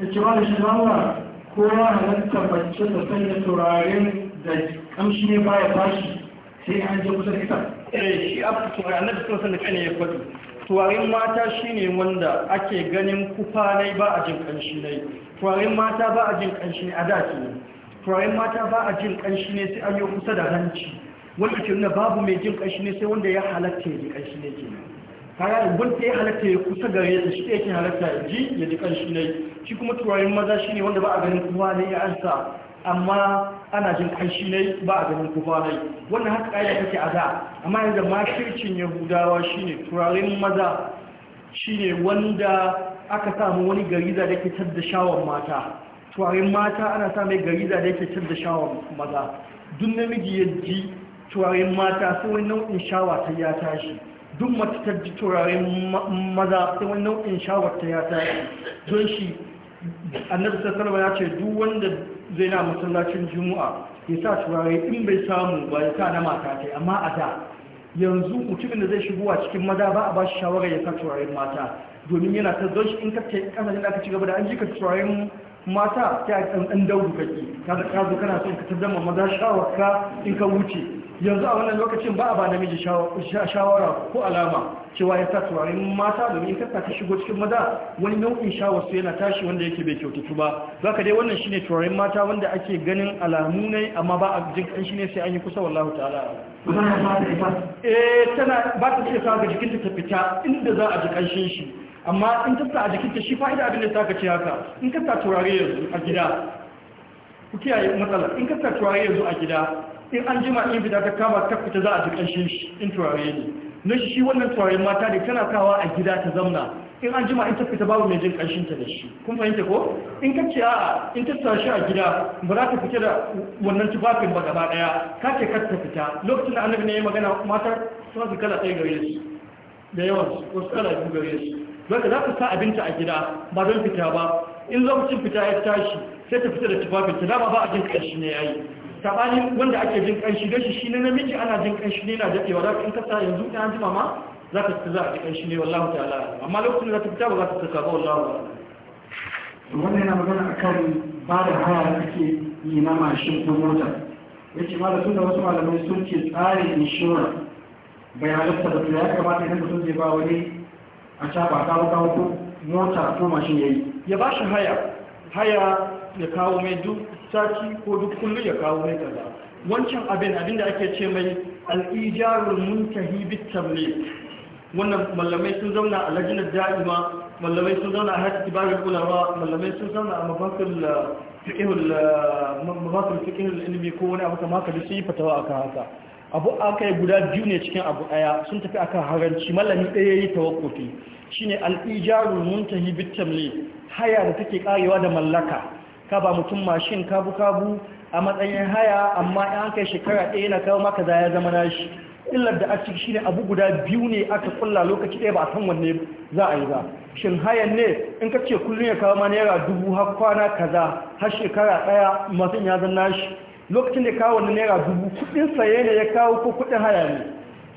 ya ce wani shi zama ko ya halatta mace da sanya turaren da kamshi ne baya tashi sai an je kusa da ita eh shi abu turaren na fito sanda kan ya faɗi turaren mata shine wanda ake ganin kufa nai ba a jin kanshi nai turaren mata ba a jin kanshi ne a da kenan turaren mata ba a jin kanshi ne sai an yi kusa da hanci wanda ke nuna babu mai jin kanshi ne sai wanda ya halatta ya ji kanshi ne kenan kaga uban ta ya halatta ya kusa gare ta shi yake halatta ya ji ya ji kan shi ne shi kuma turarin maza shi ne wanda ba a ganin kuma ne ya ansa amma ana jin kan shi ne ba a ganin kuma ne wannan haka kaida take a da amma yanzu ya yahudawa shi ne turarin maza shi ne wanda aka samu wani gariza da ke da shawon mata turarin mata ana sa mai gariza da ke da shawon maza duk namiji ya ji turarin mata sai wani nau'in shawa ta ya tashi duk mace ta ji turaren maza sai wani nau'in shawarta ya ta don shi annabi sallallahu ya ce duk wanda zai na masallacin juma'a ya sa turare in bai samu ba ya sa na mata ta amma a da yanzu mutumin da zai shigo a cikin maza ba a ba shi ya sa turaren mata domin yana ta don shi in ka kasashen da aka ci gaba da an ji ka turaren mata ta yi ɗan ɗan daudu ka zo kana son ka ta zama maza shawarka in ka wuce yanzu a wannan lokacin ba a ba namiji shawara ko alama cewa ya sa turarin mata domin kasa ta shigo cikin maza wani nau'in shawar su yana tashi wanda yake bai kyautatu ba za ka dai wannan shine turarin mata wanda ake ganin alamu ne amma ba a jin kan shi ne sai an yi kusa wallahu ta'ala eh, tana ba ta iya sa ga jikinta ta fita inda za a ji kanshin shi amma in ta a jikinta shi fa'ida abin da ta ka ce haka in ka turare yanzu a gida ku kiyaye matsala in ka turare yanzu a gida in an jima in fita ta kama ta fita za a ji kanshi in turare ne na shi wannan turaren mata ne tana kawa a gida ta zamna in an jima in ta fita babu mai jin kanshin ta da shi kun fahimta ko in ka ce a'a in ta tashi a gida ba za ta fita da wannan tufafin ba gaba ɗaya ka ce kar ta fita lokacin da annabi ne ya magana matar sun su kala ɗaya gare su da yawan wasu kala biyu gare su don za ku sa abinci a gida ba don fita ba in lokacin fita ya tashi sai ta fita da tufafin ta dama ba a jin kanshi ne ya yi sabanin wanda ake jin kanshi da shi ne namiji ana jin kanshi ne na daɗewa za ka in kasa yanzu ta ji mama za ka fita za a ji kanshi ne wallahi ta'ala amma lokacin da ta fita ba za ta fita ba wallahi wannan yana magana a ba da haya da ake yi na mashin ko mota ya ce da sun da wasu malamai sun ce tsarin inshora bai halatta da su ya kamata idan mutum zai ba wani a caba kawo kawo ko mota ko mashin ya yi ya ba shi haya haya ya kawo mai duk Saki ko duk kullum ya kawo mai kaza wancan abin abin da ake ce mai al'ijarun muntahi bit ne. wannan mallamai sun zauna a lajinar da'ima mallamai sun zauna a hajji kibarin kulawa mallamai sun zauna a mafafin uh, fiqhul uh, ilimi ko wani abu kama haka sun yi fatawa kan haka abu aka yi guda biyu ne cikin abu daya sun tafi a kan haranci mallami daya yayi tawakkufi shine al-ijaru muntahi bit ne haya da take karewa da mallaka ka ba mutum mashin kabu-kabu a matsayin haya amma an kai shekara ɗaya na kawo maka da ya zama nashi illar da a ciki shi ne abu guda biyu ne aka kulla lokaci ɗaya ba a san wanne za a yi ba shin hayan ne in ka ce kullum ya kawo ma naira dubu har kwana kaza har shekara ɗaya mutum ya zama nashi lokacin da kawo wani naira dubu kuɗin saye ne ya kawo ko kuɗin haya ne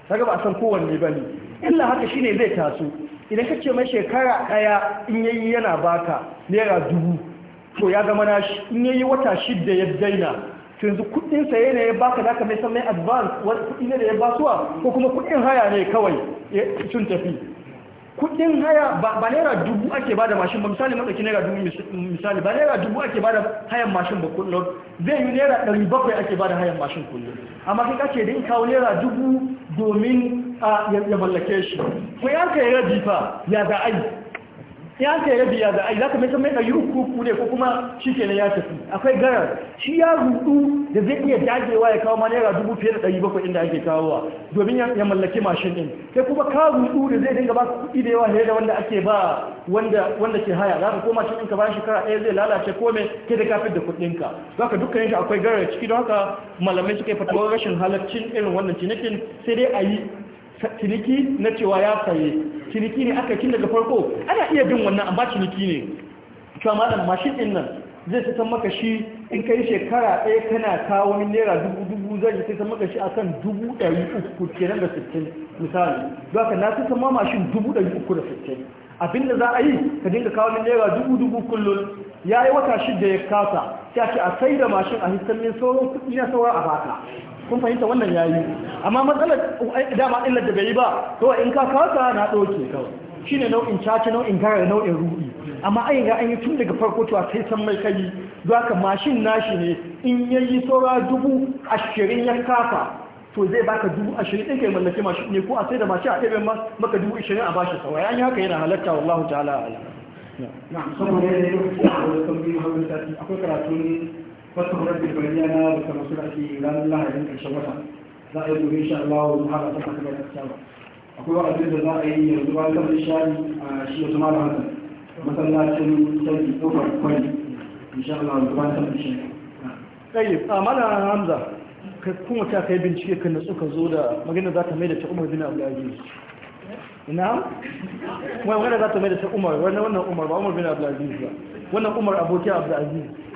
Saka ba a san kowanne ba ne illa haka shi ne zai taso idan ka ce mai shekara ɗaya in yayi yana baka naira dubu to ya zama nashi in yayi wata shidda ya daina to yanzu kudin sa yana ya baka zaka mai san mai advance wani kudi ne da ya basuwa ko kuma kudin haya ne kawai sun tafi kudin haya ba naira dubu ake bada mashin ba misali matsaki naira dubu misali ba naira dubu ake bada hayan mashin ba kullum zai yi naira ɗari bakwai ake bada hayan mashin kullum amma kai kace da kawo naira dubu domin ya mallake shi ko ya yi rabi fa ya ga ai yi ya an ya za za ka mai san mai ɗari uku ne ko kuma shi ke ya tafi akwai gara shi ya rudu da zai iya dagewa ya kawo manera naira dubu fiye da ɗari bakwai inda ake kawowa domin ya mallaki mashin ɗin sai kuma ka rudu da zai dinga ba kuɗi da yawa da wanda ake ba wanda ke haya za ka koma shi ɗinka bayan shekara ɗaya zai lalace ko mai kai da kafin da kuɗinka za ka dukkanin shi akwai garar ciki don haka malamai suka yi fatawar rashin halaccin irin wannan cinikin sai dai a yi ciniki na cewa ya saye ciniki ne aka kin daga farko ana iya bin wannan amma ciniki ne cewa malam mashin din nan zai san maka shi in kai shekara ɗaya kana kawo min naira dubu dubu zai san maka shi akan dubu ɗari uku kenan da sittin misali za ka na fitan ma mashin dubu ɗari uku da sittin da za a yi ka dinga kawo min naira dubu dubu kullum ya yi wata shidda ya kasa sai a ce a sai da mashin a hisan min sauran kuɗi na sauran a baka kun fahimta wannan ya yi amma matsalar dama illar da bai yi ba to in ka kasa na ɗauke kawai shi ne nau'in caci, nau'in gara nau'in ruɗi amma ai ga an yi tun daga farko to a sai san mai kai za ka mashin nashi ne in ya yi saura dubu ashirin ya kafa, to zai baka dubu ashirin ɗin kai mallaki mashin ne ko a sai da mashin a ɗaya maka dubu ashirin a bashi saura ya yi haka yana halatta wallahu ta'ala ala. na'am saboda yadda hannun yi akwai karatun wata kuma da bariya na da kamar suna ke ranar lahadin ƙarshen wata za a yi gobe insha Allah mu haɗa ta kuma da saba akwai wa'azin da za a yi yanzu ba ta da shari a shi wasu mara haka masallacin sarki ɗaukar kwari insha Allah mu ba ta da shari. Ɗayyib, a mana kuma ta kai bincike kan da suka zo da magana za ta mai da ta umar bin abdulaziz ina wani magana za ta mai da ta umar wannan umar ba umar bin abdulaziz ba wannan umar abokin abdulaziz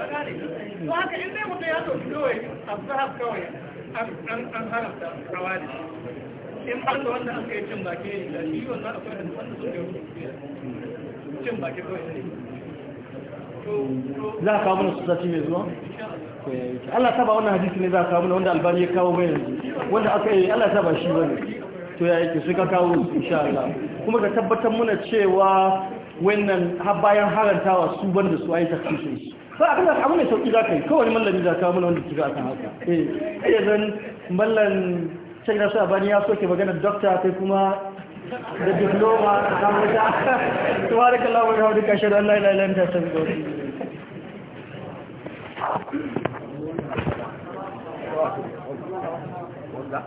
to haka in dai mutum ya ɗauki kawai azhar kawai an haramta rawa da in ban da wanda aka yi cin baki ne da shi wannan akwai da wanda suka yi cin baki kawai ne za a kawo mana sosai mai zuwa? Allah saba wannan hadisi ne za a kawo mana wanda albani ya kawo mai yanzu wanda aka yi Allah saba shi bane to ya yake sai ka kawo insha Allah kuma ka tabbatar muna cewa wannan bayan harantawa su banda su ayi tafsirin su sai abin da abu mai sauki za ka yi kowane mallami za ka mana wanda kika akan haka eh eh zan mallan sai na sa bani ya soke magana doctor kai kuma da diploma a samu ta tabaraka Allah wa rahmatu ka shar Allah ila ilanta ta zo Thank